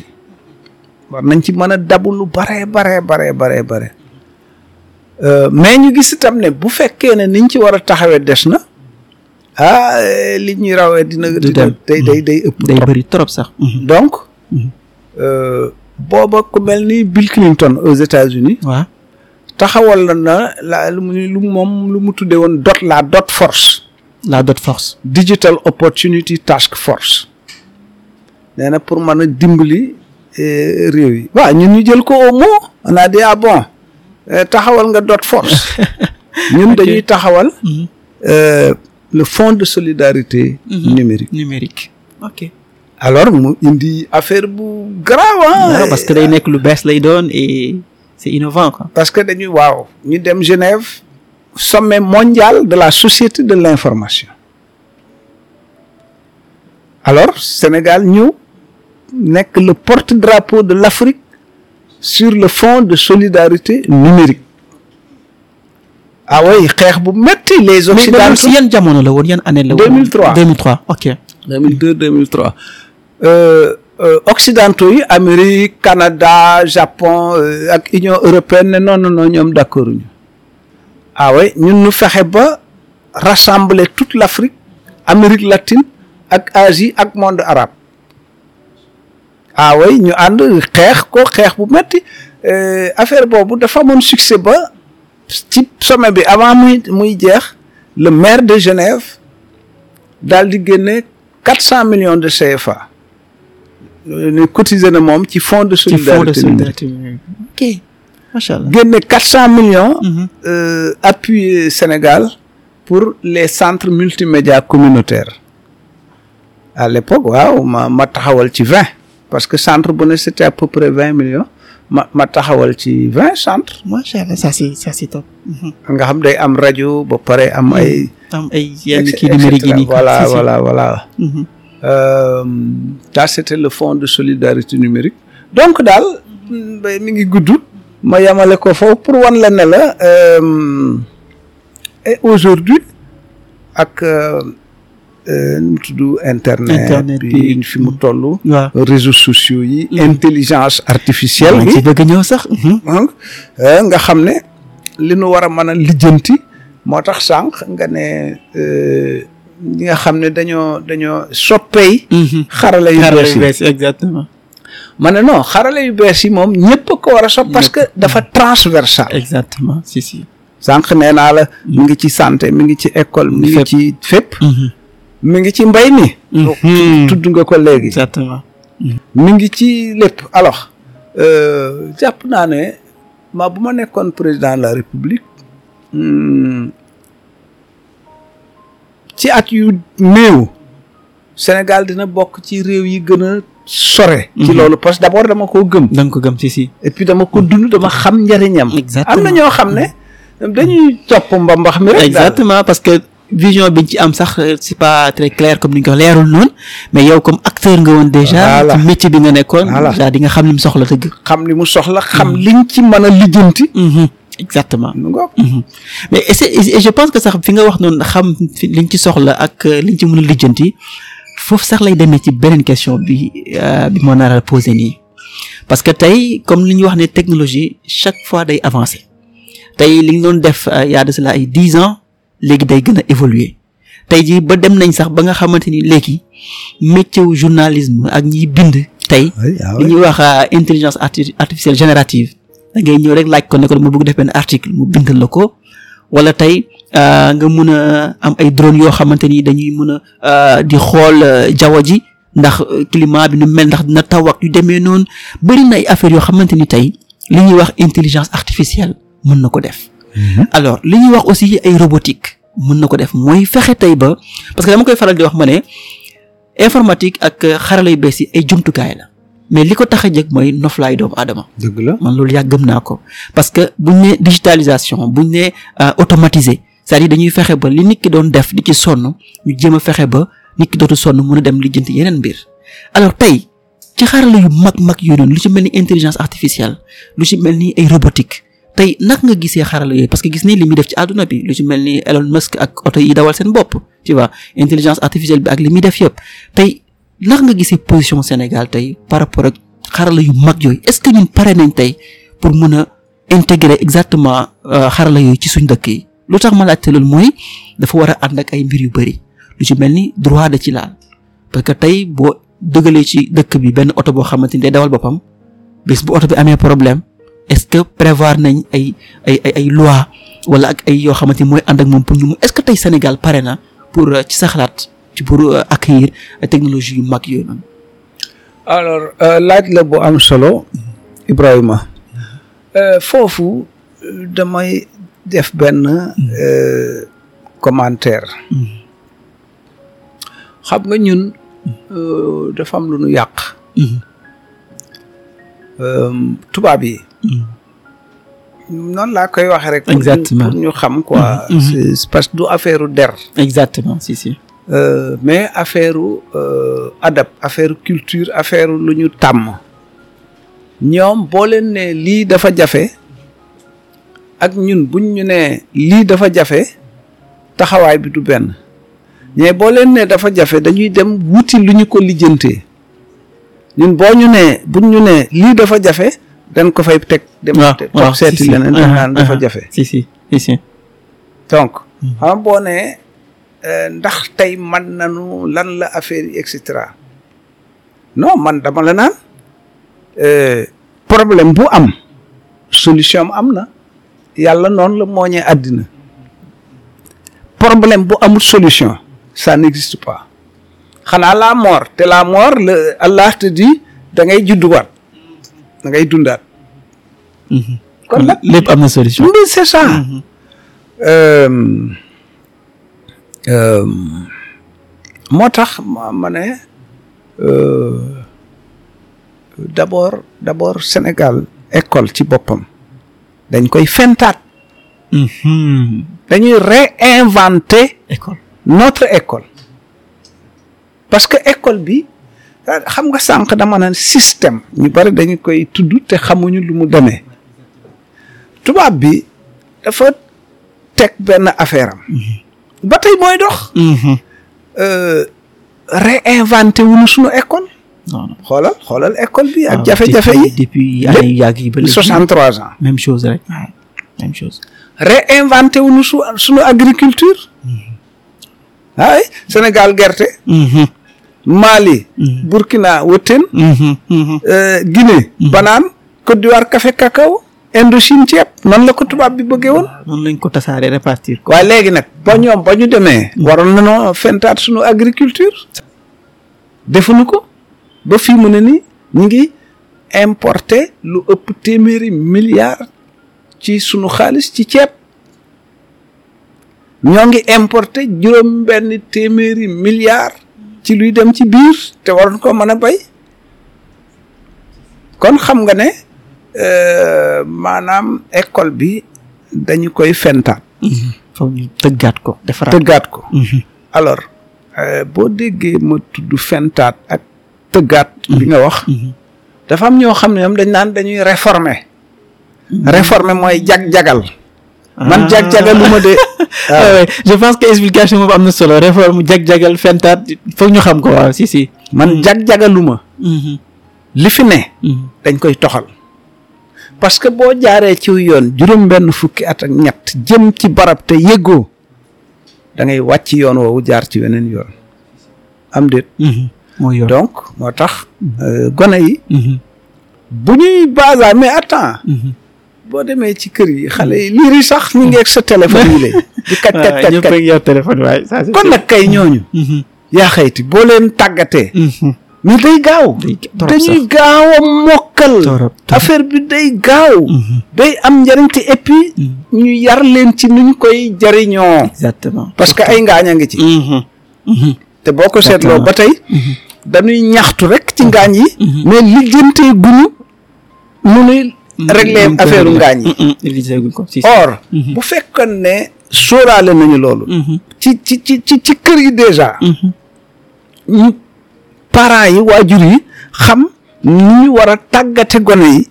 war nañ ci mën a dabu lu baree baree baree baree bare euh, mais ñu gis tam ne bu fekkee ne niñ ci war a taxawee des na ah li ñuy rawee dina. dina day day day ëpp. day bëri trop sax. Mhm. donc euh, booba ku mel ni Bill Clinton aux États-Unis waaw taxawal na la lu mu lu moom lu mu tuddee woon dot la dot force. la dot force. digital opportunity task force. nee na pour mën a dimbali eh, réew yi. waaw ñun jël ko au mot. on a ah bon eh, taxawal nga dot force. ñun dañuy taxawal. Mm-hmm. Eh, le fonds de solidarité. Mm-hmm. numérique numérique alors mu indi affaire bu grave ah, parce que day nekk lu bees lay doon et c'est innovant parce que dañuy waaw ñu dem Genève. sommet mondial de la société de l'information alors Sénégal ñëw nekk le porte-drapeau de l'Afrique sur le fond de solidarité numérique ah oui xeex bu metti les occidentaux si jamono la woon yan année la woon 2003 2003 ok 2002 2003 euh, euh, occidentaux yi Amérique Canada Japon euh, ak Union européenne ne non non non ñoom d'accord ñu ah oui fexe ba rassembler toute l'Afrique Amérique latine ak Asie ak monde arabe ah ñu ànd xeex ko xeex bu metti euh, affaire boobu dafa amoon succès ba ci sommet bi avant muy muy jeex le maire de Genève daal di génne quatre cent millions de CFA ñu euh, cotisé na moom ci fonds de solidarité ok macha allah génne quatre cent millions mm-hmm. euh, appuyé Sénégal pour les centres multimédia communautaire à l'époque waaw ma ma taxawal ci vingt parce que centre bu ne c'était à peu près vingt ma ma taxawal ci vingt centres. Mm-hmm. xam day am rajo ba pare am ay. Mm-hmm. am ay voilà voilà voilà. Mm-hmm. Euh, le fonds de solidarité numérique. donc daal mi ngi gudd. ma yamale ko foofu pour wan la ne la euh, et aujourd'hui ak. Euh, Euh, nu mu internet bi fi mu toll waaw réseaux sociaux yi mm. intelligence artificielle bi ci bëgg ñëw sax mm-hmm. euh, nga xam ne li nu war a mën a lijjanti moo tax sànq nga ne euh, nga xam ne dañoo dañoo soppey mm-hmm. xarala yu bees yi exactement yu bees yi moom ñëpp a ko war a sopp parce que dafa transversal exactement si si sànq nee naa la mi mm. ngi ci santé mi ngi ci école mi ngi ci fépp mm-hmm. mi ngi ci mbay mi. Mhm. tudd nga ko léegi. exactement. mi ngi ci lépp alors. Euh, jàpp naa ne ma bu ma nekkoon président de la république. Hmm, ci at yu néew. Sénégal dina bokk ci réew yi gën a sore. ci mhm. loolu parce que d' dama ko gëm. da ko gëm ci si. et puis dama ko dund dama xam njëriñam. exactement am na ñoo xam ne. dañuy topp mbambax mi exactement vision bi ci am sax euh, c'est pas très clair comme ni nga ko mais yow comme acteur nga woon déjà ci bi nga nekkoon déjà di nga xam li mu soxla dëgg xam li mu soxla xam hmm. liñ ci mën a lijjanti mm-hmm. exactement mm-hmm. mais et je pense que sax fi nga wax noonu xam liñ ci soxla ak euh, liñ ci mën a lijjanti foofu sax lay demee ci beneen question bi euh, bi moo posé nii parce que tey comme li ñu wax ne technologie chaque fois day avancer tey li ñu doon def y a de cela ay dix ans léegi day gën a évoluer tey jii ba dem nañ sax ba nga xamante ni léegi métier wu journalisme ak ñiy bind tey li ah ah ñuy wax ah, intelligence artificielle générative da ngay ñëw rek laaj ko ne ko mu bëgg def benn article mu bindal la ko wala tey nga mun a am ay drone yoo xamante ni dañuy mun a di xool jaww ji ndax climat bi nu mel ndax dina taw demee noonu bëri na ay yoo xamante ni tey li ñuy wax intelligence artificielle mun na ko def Mhm. alors li ñuy wax aussi ay robotique mën na ko def mooy fexe tey ba parce que dama koy faral di wax ma ne informatique ak xarala yu bees yi ay jumtukaay la mais li ko tax a jëg mooy noflaay aadama. dëgg la loolu yàgg gëm ko parce que buñ ne digitalisation buñ ne euh, automatisé c'est-à-dire dañuy fexe ba li nit ki doon def di ci sonn ñu jéem a fexe ba nikki ki dootu sonn mën a dem lijjanti yeneen mbir alors tey ci xarala yu mag-mag yooyu noonu lu ci mel ni intelligence artificielle lu ci mel ni ay robotique tey nag nga gisee xarala yooyu parce que gis ni li muy def ci àdduna bi lu ci mel ni Elon Musk ak oto yi dawal seen bopp ci vois intelligence artificielle bi ak li muy def yëpp tey nag nga gisee position Sénégal tey par rapport ak xarala yu mag yooyu est-ce que ñun pare nañ tey pour mën a intégrer exactement euh, xarala yooyu ci suñ dëkk yi lu tax ma laajte loolu mooy dafa war a ànd ak ay mbir yu bëri lu ci mel ni droit da ci laal parce que tey boo dëgalee ci dëkk bi benn oto boo xamante ni day dawal boppam bés bu oto bi amee problème est-ce que prévoir nañ ay ay ay loi wala ak ay yoo xamante ni mooy ànd ak moom pour ñu mu est-ce que tey Sénégal pare na pour euh, ci sa xalaat ci pour euh, accueillir euh, technologie yu mag yooyu noonu. laaj la bu am solo Ibrahima foofu damay def benn mm. commentaire mm. xam nga ñun mm. dafa am lu ñu yàq. Mm-hmm. tubaab yi. Mm. noonu laa koy waxee rek. exactement pour ñu xam quoi. Mm-hmm. Mm-hmm. parce que du affaire der. exactement si si. Euh, mais affaire euh, adab affaire culture affaire lu ñu tàmm. ñoom boo leen lii dafa jafe ak ñun buñ ñu nee lii dafa jafe taxawaay bi du benn mais boo leen ne dafa jafe dañuy dem wuti lu ñu ko lijjantee ñun boo ñu nee buñ ñu nee lii dafa jafe. dan ko fay teg. dem toog seeti leneen dañ ah, naan dafa ah, jafe. si si donc. Hmm. xam boo euh, ndax tey man nanu lan la affaire yi no man dama la naan euh, problème bu am solution am na yàlla noonu la mooñee àddina problème bu amul solution ça n'existe pas xanaa la mort te la mort le Allah te dit da ngay judduwaat da ngay dundaat. kon lépp am na solution. mais c'est mm-hmm. euh, euh, moo tax ma ma ne euh, d'abord d'abord Sénégal école ci boppam dañ koy fentaat. Mm-hmm. dañuy réinventer. école école. parce que école bi. xam nga sànq dama naan système ñu bari dañu koy tudd te xamuñu lu mu demee tubaab bi dafa teg benn affaire am ba tey mooy dox mm-hmm. euh, réinventé wuñu suñu école xoolal xoolal école bi ak ah, jafe-jafe yi depuis ay yi ba soixante trois ans même chose rek même chose réinventé wuñu su suñu agriculture mm-hmm. ah Sénégal gerte mm-hmm. Mali. Mhm. Burkina wëtteen. Mhm, mhm, euh, Guinée. banaan Côte d'Ivoire café cacao. Indochine ceeb noonu la ko tubaab bi bëggee woon. noonu lañ ko tasaaree répartir ko. waaye léegi nag ba ñoom ba ñu demee. waroon nañoo fentaat suñu agriculture. defuñu ko ba fii mu ne nii ñu ngi importer lu ëpp téeméeri milliards ci sunu xaalis ci ceeb ñoo ngi importer juróom benn téeméeri milliards ci luy dem ci biir te waroon koo mën a bay kon xam nga ne euh, maanaam école bi dañu koy fentaat mm-hmm. faw tëggaat ko defaraat tëggaat ko mm-hmm. alors euh, boo déggee ma tudd fentaat ak tëggaat bi nga wax mm-hmm. dafa am ñoo xam ne yoom dañ naan dañuy réformer réformer mooy jag-jagal man ah. jag-jagaluma de. waaw ah, je pense que explication boobu am na solo réforme jag-jagal fentaat foog ñu xam ko waaw si si. man mm-hmm. jag-jagaluma. Mm-hmm. li fi ne. Mm-hmm. dañ koy toxal. parce que boo jaaree ci yoon juróom-benn fukki at ak ñett jëm ci barab te yëgoo dangay ngay wàcc yoon woowu jaar ci weneen yoon. am déet. mooy yoon donc moo tax. Euh, gone yi. bu ñuy basaar mais attends. boo demee ci kër yi xale yi liir yi sax ñu ngi sa téléphone yi lay di kat kat kat ñëpp ak yow téléphone waaye kon nag kay ñooñu mm-hmm. yaa xayti boo leen tàggatee mm-hmm. mais day gaaw dañuy gaaw a mokkal affaire bi day gaaw mm-hmm. day am njariñ te et ñu yar leen ci nuñ koy jariñoo exactement parce que ay ngaaña a ngi ci te boo ko seetloo ba tey dañuy ñaxtu rek ci ngaañ yi mais lijjantee guñu nu nuy régler mm-hmm. affaire ngaañ yi mm-hmm. Mm-hmm. or bu fekkoon ne sóoraale nañu loolu ci ci ci ci ci kër yi déjà ñu parents yi waajur yi xam ni ñu war a tàggate gone yi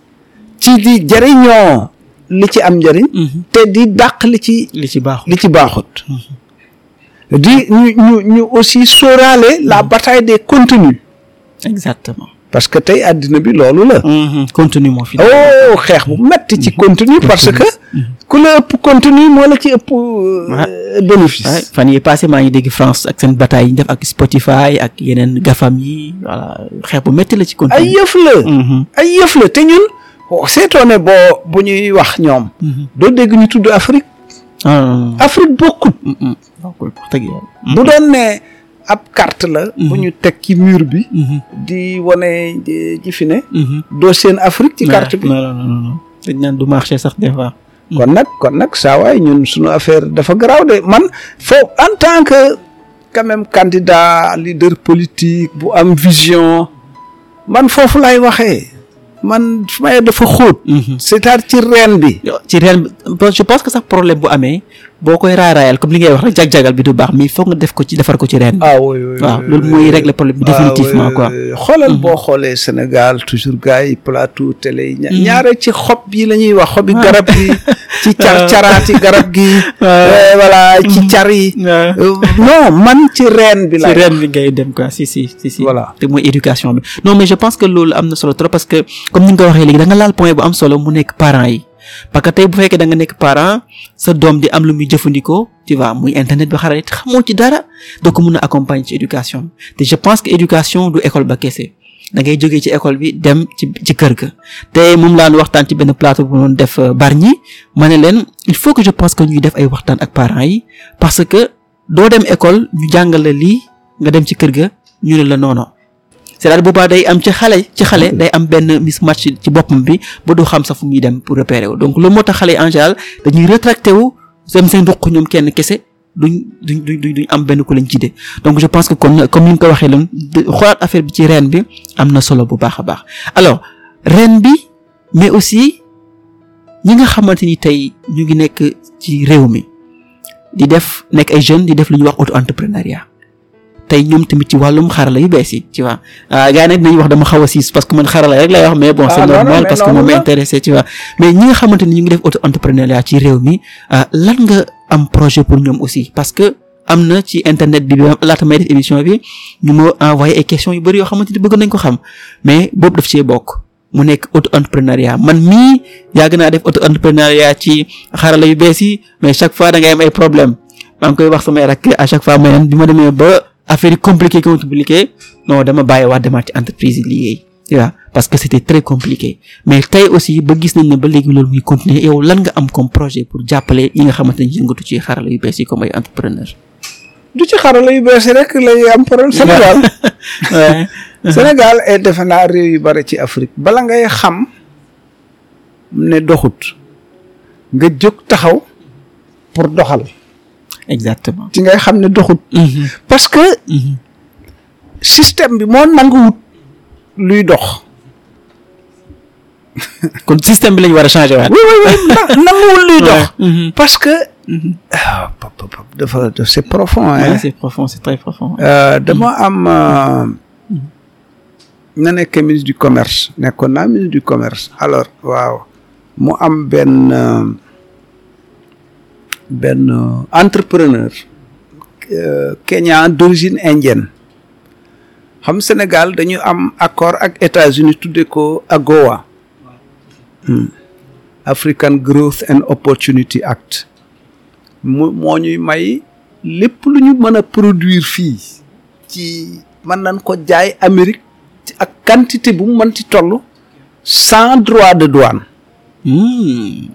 ci di jëriñoo li ci am njëriñ te di dàq li ci li ci baaxut li ci baaxut di ñu aussi sóoraale la bataille des contenus exactement parce que tey àddina bi loolu la. Mhm. contenu moo fi. Oh, xeex bu metti ci contenu mhm. parce que. ku la ëpp contenu moo la ci ëpp. Euh, bénéfice fan yi passé maa ngi dégg France ak seen bataille yi ñu def ak Spotify ak yeneen gafam yi voilà xeex bu metti la ci contenu. ay yëf mhm. te ñun. Oh, seetoo ne boo bu ñuy wax ñoom. doo dégg ñu tudd Afrique. Ah, Afrique bokkut. bokkul bu doon ne. ab carte la. Mhm. bu ñu teg ci mur bi. Mhm. di wane ji fi ne. Mhm. doo Afrique ci carte bi. non du marché sax des fois. kon nag kon nag saa waay ñun suñu affaire dafa garaaw de man foofu en tant que quand même candidat leader politique bu am vision man foofu lay waxee. man su ma dafa xóot. Mhm. c'est-à-dire ci reen bi. ci reen bi je pense que sax problème bu amee boo koy raaraayal comme li ngay wax rek jag-jagal bi du baax mi foog nga def ko ci defar ko ci reen bi. ah loolu mooy régler problème bi ah, définitivement quoi. xoolal mhm. boo xoolee Sénégal toujours gars yi plateau télé yi. Mhm. ñaare ci xob yi la ñuy wax xobi garab yi. ci car euh. caraati garab gi. Euh, voilà ci mm-hmm. car yi. Euh, non man ci reen bi la. ci reen bi ngay dem quoi si si si si. voilà mooy éducation bi non mais je pense que loolu am na solo trop parce que comme ni nga waxee léegi da nga laal point bu am solo mu nekk parents yi. que tey bu fekkee da nga nekk parent sa doom di am lu muy jëfandikoo tu vois muy internet bi xarala it xamoo ci dara doo ko mun a accompagne ci éducation te je pense que éducation du école ba kese da ngay jógee ci école bi dem ci ci kër ga te moom laa waxtaan ci benn plateau bu doon def euh, barñi ma ne leen il faut que je pense que ñuy def ay waxtaan ak parents yi parce que doo dem école ñu jàngale lii nga dem ci kër ga ñu ne la noono cest à boobaa day am ci xale ci xale day am benn mismatch ci boppam bi ba du xam sax fu muy dem pour repérer wu donc loolu moo tax xale yi en général dañuy rétracté wu seen ruq ñoom kenn kese duñ duñ duñ duñ am benn ku lañ jiite donc je pense que comme comme ni nga ko waxee lan xoolaat affaire bi ci ren bi am na solo bu baax a baax alors ren bi mais aussi ñi nga xamante ni tey ñu ngi nekk ci réew mi di def nekk ay jeunes di def lu ñuy wax auto entrepreneuriat tey ñoom tamit ci wàllum xarala yu bees yi tu vois ah, gars yi nag dinañ wax dama xaw a siis parce que man xarala rek lay wax mais bon ah, c'est normal parce que moom ma intéressé tu vois mais ñi nga xamante ni ñu ngi def auto entrepreneuriat ci réew mi ah, lan nga. am projet pour ñoom aussi parce que am na ci internet bi laata may def émission bi ñu ma envoyé ay questions yu bëri yoo xamante ni bëgg nañ ko xam mais boobu daf cee bokk mu nekk auto entrepreneuriat man mii yàgg naa def auto entrepreneuriat ci xarala yu bees yi mais chaque fois da ngay am problème maa ngi koy wax samay rakk à chaque fois mooy bi ma demee ba affaire yi compliqué compliqué non dama bàyyi waat demaat ci entreprise yi liggéey waaw parce que c'était très compliqué mais tey aussi ba gis nañ ne ba léegi loolu muy continuer yow lan nga am comme projet pour jàppale yi nga xamante ne yëngatu ci xarala yu bees yi comme ay entrepreneur du ci xarala yu bees yi rek lay am problème Sénégal Sénégal ay defe naa réew yu bari ci Afrique bala ngay xam ne doxut nga jóg taxaw pour doxal exactement ci ngay xam ne doxut mm-hmm. parce que mm-hmm. système bi moo nangu luy dox kon système bi lañu war a changé waat. oui oui oui nanguwul luy dox. Mm-hmm. parce que. ah dafa c'est profond. hein c'est profond c'est euh, dama am. Euh, na nekk ministre du commerce nekkoon naa ministre du commerce alors waaw mu am benn benn entrepreneur euh, kenyan d'origine indienne xam Sénégal dañu am accord ak États-Unis tudde ko AGOA Hmm. African Growth and Opportunity Act mu ñuy may lépp lu ñu mën a produire fii ci mën nañ ko jaay Amérique ci ak quantité bu mu mën ci toll sans droit de douane hmm.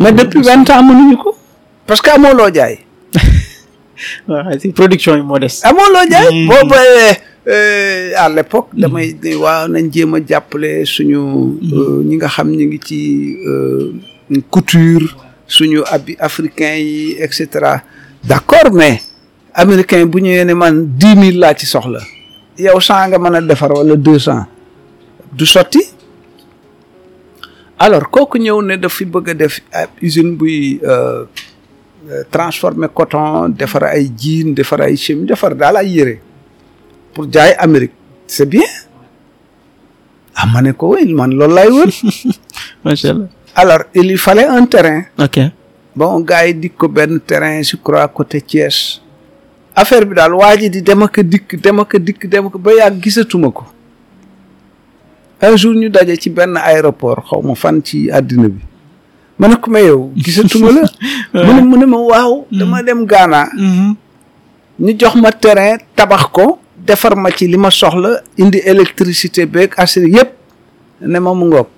mais ah, depuis vingt ans mënuñu ko parce que amoo loo jaay waaw si production yi moo amoo loo Euh, à l'époque damay waaw nañ jéem a jàppale suñu euh, ñi nga xam ñu ngi ci euh, couture suñu abi africain yi et cetera d'accord mais américain bu ñëwee ne man dix mille laa ci soxla yow cent nga mën a defar wala deux cent du sotti alors kooku ñëw ne daf fi bëgg a def usine buy transformer coton defar ay jean defar ay chemise defar daal ay yére pour jaay Amérique c' bien ah ma ne ko man loolu laay wër. il lui fallait un terrain. ok bon gars yi dikk ko benn terrain je crois côté Thiès. bi daal waa ji di dem dikk dem dikk ba yàgg gisatuma ko. un jour ñu daje ci benn aéroport xaw ma fan ci àddina bi. ma ne ko ma yow gisatuma la. ma waaw. dama mm. dem Ghana. Mm-hmm. ñu jox ma terrain tabax ko. defar ma ci li ma soxla indi électricité beeg assuré yëpp ne ma mu ngoog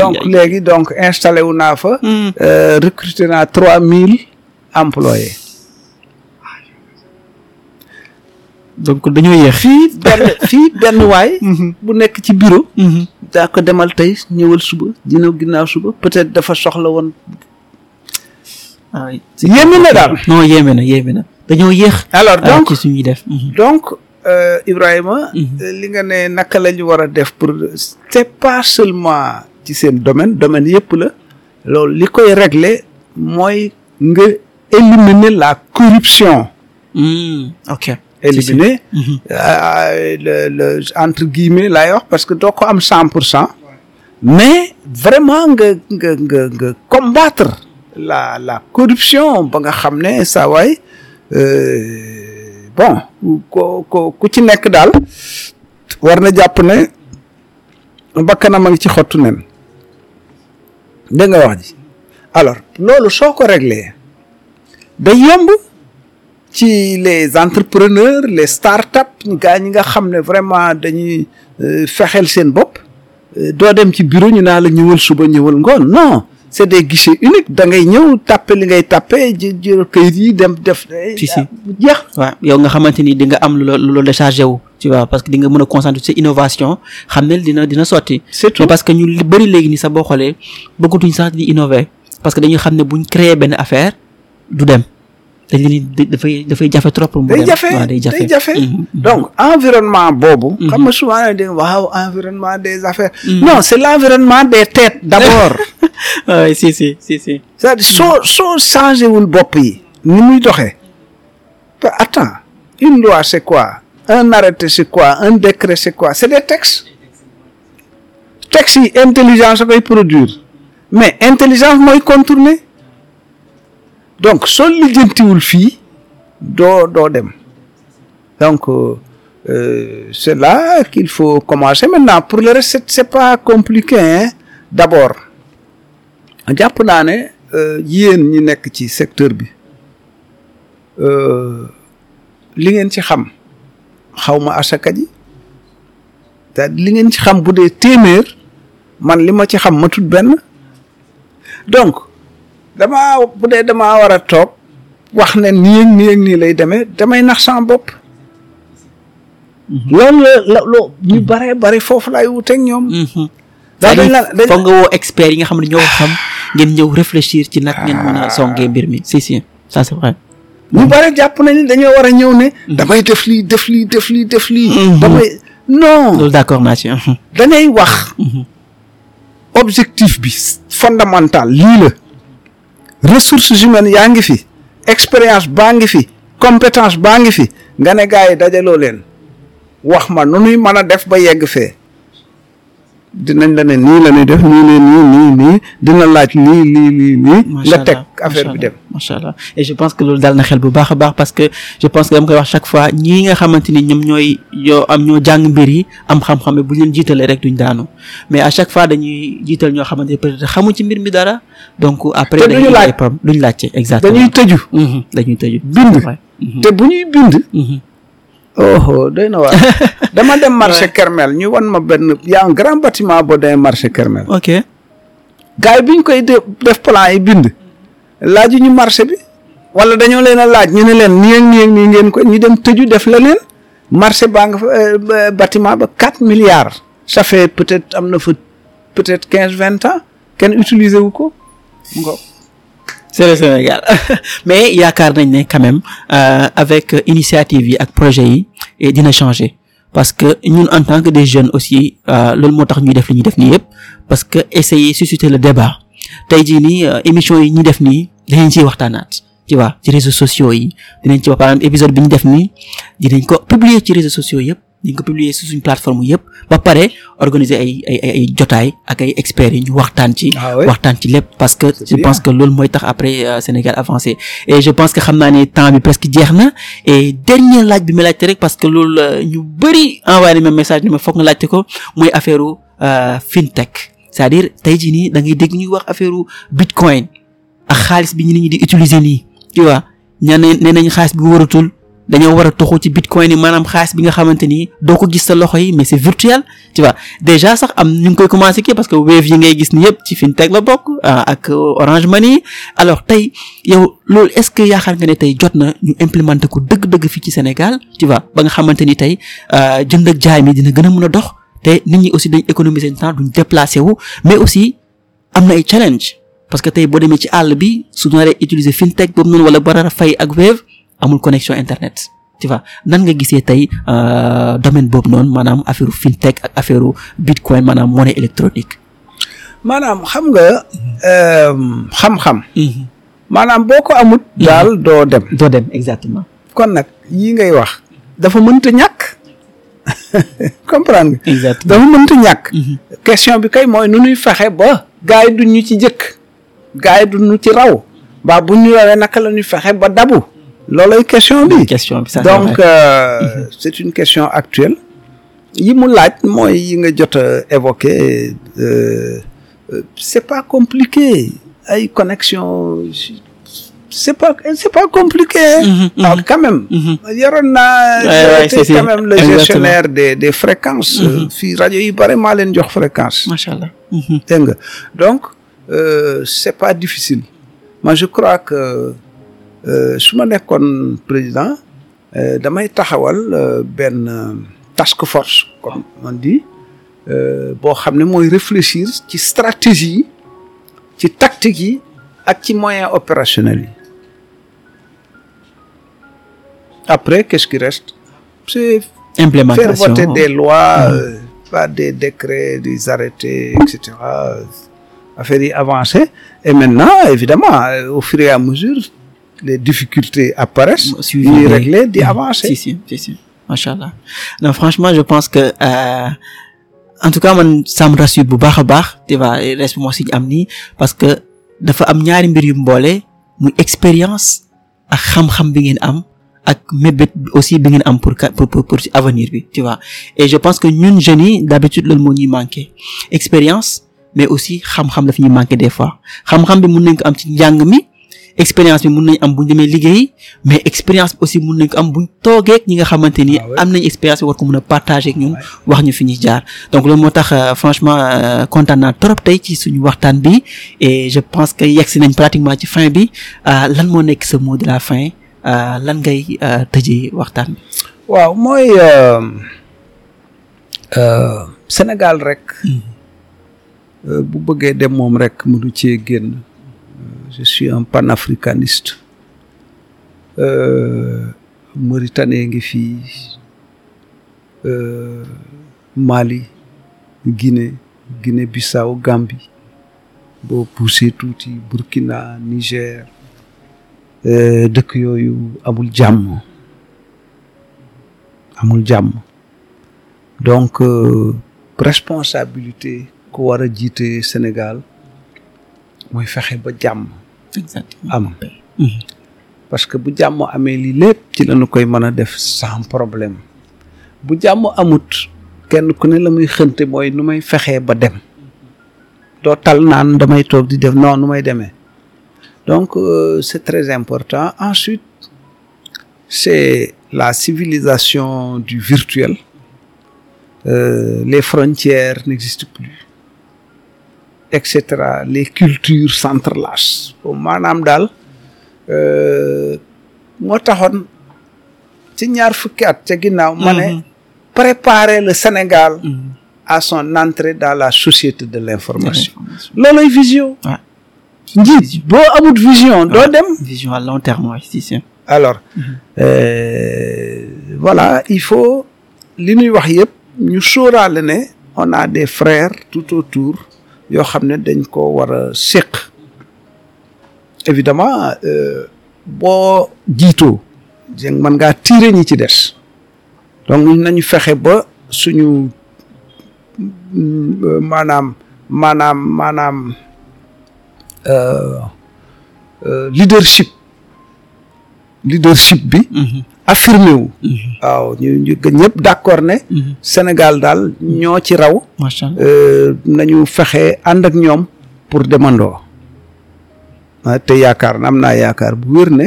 donc léegi donc installe wu naa fa hmm. euh, recruté naa trois mille employés donc dañoo yéex fii benn fii benn waay mhm. bu nekk ci bureau mhm. daa ko demal tey ñëwal suba dina ginnaaw suba peut-être dafa soxla woon yéeme na daal non yéeme na yéeme na dañoo yéex. alors euh, donc ci def. Mhm. donc euh, Ibrahima. Mhm. Euh, li nga ne naka la ñu war a def pour c'est pas seulement ci seen domaine domaine yépp la loolu li koy régler mooy nga éliminer la corruption. Mhm. ok. éliminer le le entre guillemets laay wax parce que doo ko am cent pour cent mais vraiment nga nga nga nga la la corruption ba nga xam ne saa waay Euh, bon ko ko ku ci nekk daal war na jàpp ne bakkanam a ngi ci xottu nen dégg nga wax ji alors loolu soo ko reglee day yomb ci les entrepreneurs les start-up ñi nga xam ne vraiment dañuy euh, fexeel seen bopp euh, doo dem ci bureau ñu naa la ñëwal suba ñëwal ngoon non c'est des guichets uniques da ngay ñëw tàppe li ngay tàppe ji jël yi dem def. si si jeex. yow nga xamante ni di nga am lu la lu la déchargé wu. tu vois parce que di nga mën a concentrer sa innovation xam ne dina dina sotti. surtout parce que ñu li bëri léegi ni sax boo xoolee bëggatuñ sax di innover parce que dañuy xam ne buñ créer benn affaire du dem. dañ leen dafay dafay jafe trop. pour mu dem day jafe day mm-hmm. Mm-hmm. donc environnement boobu. Mm-hmm. xam nga souvent dañuy wax waaw environnement des affaires. non c'est l'environnement des têtes d'abord. waay si si si si. cest à soo soo changé wul bopp yi. ni muy doxee. te attends une loi c'est quoi un arrêté c'est quoi un décret c'est quoi c'est des textes. textes yi intelligence koy produire. mais intelligence mooy contourner. donc sol soo lijjantiwul fii doo doo dem donc euh, euh, c'est là qu'il faut commencer maintenant pour le reste c'est, c'est pas compliqué hein d'abord jàpp naa ne euh, yéen ñi nekk ci secteur bi euh, li ngeen ci xam xaw ma asaka ji li ngeen ci xam bu dee téeméer man li ma ci xam ma tut benn donc dama bu dee damaa war a toog wax ne nii ak nii lay demee damay nax sama bopp. Mhm. loolu la loo ñu mhm. baree bare foofu laay wuteeg ñoom. Mhm. daal dañ la foog nga woo expert yi nga xam ne ñoo xam. ngeen ñëw réfléchir ci nag ngeen mën a ah. songee mbir mi si si ça c'est vrai. bare jàpp nañu dañoo war a ñëw ne. Mm-hmm. damay def lii def lii def lii def lii. Mm-hmm. damay non. loolu d'accord naa ci. Mm-hmm. dañay wax. objectif bi fondamental lii la. humaines yaa ngi fi. expérience baa ngi fi. compétence baa ngi fi. nga ne gars yi dajaloo leen. wax ma nu nuy a def ba yegg fee. dinañ la ne nii la ñuy def nii ne nii nii nii dina laaj lii lii lii lii nga teg affaire bi dem macha allah e je pense que loolu daal na xel bu baax a baax parce que je pense que dama koy wax chaque fois ñii nga xamante ni ñoom ñooy yoo am ñoo jàng mbir yi am xam-xam bu leen jiitalee rek duñ daanu mais a chaque fois dañuy jiital ñoo xamante ne peut-être xamu ci mbir mi dara donc après dañuy laaj duñ laajte exactement dañuy tëju mhm, dañuy tëju bind mhm. te bu ñuy bind mhm. oh doy na waar dama dem marché Kermel ñu wan ma benn y a un grand bâtiment boo demee marché Kermel. ok gars yi bi ñu koy def plan yi bind. laaju ñu marché bi. wala dañoo leen a laaj ñu ne leen nii ak nii ak nii ngeen ko ñu dem tëju def la leen. marché baa nga fa euh, bâtiment ba quatre milliards. ça fait peut-être am na fa peut-être quinze vingt ans kenn utilisé wu ko mu c'est le Sénégal mais yaakaar nañ ne quand même euh, avec initiative yi ak projet yi eh, dina changer parce que ñun en tant que des jeunes aussi euh, loolu moo tax ñuy def li ñuy def nii yëpp parce que essayer susciter le débat tey jii nii euh, émission yi ñuy def nii dinañ ciy waxtaanaat tu vois ci réseaux sociaux yi dinañ ci wax par épisode bi ñu def nii dinañ ko publier ci réseaux sociaux yëpp. di nga ko publier si suñ plateforme yëpp ba pare organiser ay ay ay jotaay ak ay experts yi ñu waxtaan ci. Ah waxtaan ci lépp parce que. je pense que loolu mooy tax après euh, Sénégal avancé. je pense que xam naa ne temps bi presque jeex na et dernier laaj bi ma laajte rek parce que loolu euh, ñu bëri envoyé nañ ma message ni ma foog nga laajte ko mooy affaire euh, fintech c'est-à-dire tey ji nii da ngay dégg ñuy wax affaire bitcoin a xaalis bi ñu nit ñi di utiliser nii tu vois ñaan nee bi waratul. dañoo war a toxoo ci bitcoin yi maanaam xaalis bi nga xamante ni doo ko gis sa loxo yi mais c'est virtuel tu vois déjà sax am ñu ngi koy commencé ki parce que wave yi ngay gis ni yëpp ci fintech la bokk ah, ak euh, Orange Money alors tey yow loolu est-ce que yaakaar nga ne tey jot na ñu ko dëgg-dëgg fii ci Sénégal tu vois ba nga xamante ni tey euh, jënd ak jaay mi dina gën a mën a dox te nit ñi aussi dañ économiser seen temps duñ déplacé wu mais aussi am na ay challenge parce que tey boo demee ci àll bi su naree utiliser fintech boobu noonu wala bara fay ak wave amul connexion internet tu vois nan nga gisee tey euh, domaine boobu noon maanaam affaire fintech ak affaire bitcoin manaam monnaie électronique. maanaam xam nga. Euh, xam-xam. Mhm. maanaam boo ko amut. Mhm. daal doo dem. doo dem exactement. kon nag yii ngay wax. dafa mënta ñàkk. comprendre nga. exactement dafa mënta ñàkk. Mhm. question bi kay mooy nu ñuy fexe ba. gars yi duñ ñu ci jëkk. gars yi duñ ñu ci raw. mbaa bu ñu rawee naka la ñuy fexe ba dabu. loolu question bi question bi donc euh, mhm. c'est une question actuelle yi mu laaj mooy yi nga jot a évoqué euh, euh, c'est pas compliqué ay connexion c'est pas c'est pas compliqué. Mhm, mhm. ah quand même. yoroon naa. c'est quand même le gestionnaire des des fréquences. fii rajo yi bare maa leen jox fréquence. macha allah. dégg donc c'est pas difficile moi je crois que. Euh, su ma nekkoon président euh, damay taxawal euh, benn task force comme on dit boo xam ne mooy réfléchir ci stratégie yi ci tactique yi ak ci moyen opérationnels yi après qu'est-ce qui reste c'est implémentation faire voter des lois mmh. pas des décrets des arrêtés et cetera affaire yi avancé et maintenant évidemment au fur et à mesure les difficultés apparaissent. suivi régler di mhm. avancer. si si si macha allah non franchement je pense que euh, en tout cas man ça me bu baax a baax tu vois réponse yi am nii parce que dafa am ñaari mbir yu mboole muy expérience ak xam-xam bi ngeen am. ak mébét aussi bi ngeen am pour pour pour pour avenir bi tu vois et je que ñun jeunes yi d'habitude loolu moo ñuy manqué expérience mais aussi xam-xam daf ñuy manqué des fois xam bi mën nañ am ci njàng mi expérience bi mun nañ am bu ñu demee liggéey mais expérience bi aussi mun nañ ko am buñ toogee ak ñi nga xamante ni ah am nañ expérience bi war ko a partager ak wax ñu fi ñuy jaar donc loolu moo tax euh, franchement euh, kontaan naa trop tey ci suñu waxtaan bi et je pense que yegg si nañ pratiquement ci fin bi euh, lan moo nekk sa moo de la fin lan ngay tëjee waxtaan bi waaw mooy Sénégal rek hmm. bu bëggee dem moom rek mënu ci génn Euh, je suis un panafricaniste euh, mauritanien ngi fii euh, Mali Guinée Guinée Bissau Gambie boo poussé tuuti Burkina Niger dëkk yooyu amul jàmm amul jàmm donc responsabilité ku war a jiite Sénégal mooy fexe ba jàmm am mm-hmm. parce que bu jàmm amee lii lépp ci lañu koy mën a def sans problème bu jàmm amut kenn ku ne la muy xënte mooy nu may fexee ba dem doo tal naan damay toog di def non nu may demee donc euh, c'est très important ensuite c'est la civilisation du virtuel euh, les frontières n'existent plus et les cultures s'entrelacent comme maanaam daal euh, moo taxoon ci ñaar fukki at ca ginnaaw ma ne mhm. préparer le Sénégal mhm. à son entrée dans la société de l'information looloy vision njiit boo amut vision doo dem vision à long terme alors mhm. euh, voilà il faut li ñuy wax yëpp ñu sóoraale ne on a des frères tout autour yoo xam ne dañ koo war a séq évidemment euh, boo jiitoo jéng mën ngaa tiire ñi ci des donc nañu fexe ba suñu euh, maanaam maanaam maanaam euh, leadership leadership bi mm-hmm. affirmé wu. Mm-hmm. ñu ñu ñëpp d' accord ne. Mm-hmm. Sénégal daal ñoo ci raw. macha allah euh, nañu fexe ànd ak ñoom pour demandoo. Ah, te yaakaar na am naa yaakaar bu wér ne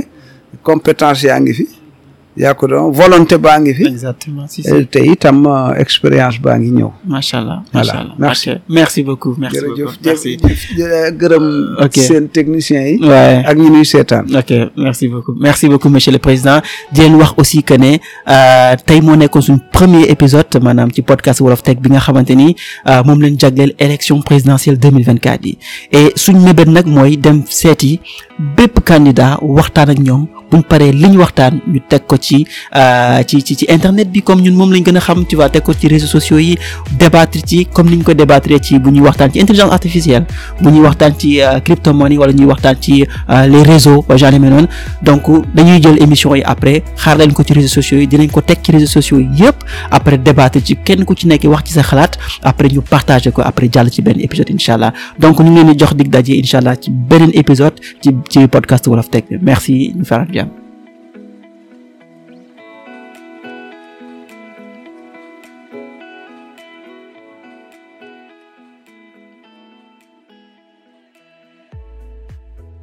compétence yaa ngi fi. yaa ko doon volonté baa ngi fi. exactement si si te itam euh, expérience baa ngi ñëw. macha allah macha allah merci merci beaucoup. merci beaucoup euh, gërëm. ok seen techniciens yi. waaye ak ñi ñuy seetaan. ok merci beaucoup merci beaucoup monsieur le président di leen wax aussi que ne euh, tey moo nekkoon suñ premier épisode maanaam ci podcast Wolof Tech bi nga xamante ni moom lañ jagleel élection présidentielle deux mille vingt quatre yi suñ mébét nag mooy dem seeti bépp candidat waxtaan ak ñoom. buñ paree li ñu waxtaan ñu teg ko ci euh, ci ci ci internet bi a xam tu vois yi débattre ci comme ni ñu ko débattre ci bu ñuy waxtaan ci intelligence artificielle bu ñuy waxtaan ci euh, crypto money wala ñuy euh, donc dañuy jël émission yi après xaar leen ko ci réseaux sociaux yi dinañ ko teg ci réseaux sociaux yi yëpp après débattre ci kenn ku ci nekk wax ci sa xalaat après ñu partager après jàll ci benn épisode incha allah donc ñu ngi jox dig daje incha allah ci beneen épisode ci ci podcast Wolof Tech merci ñu faral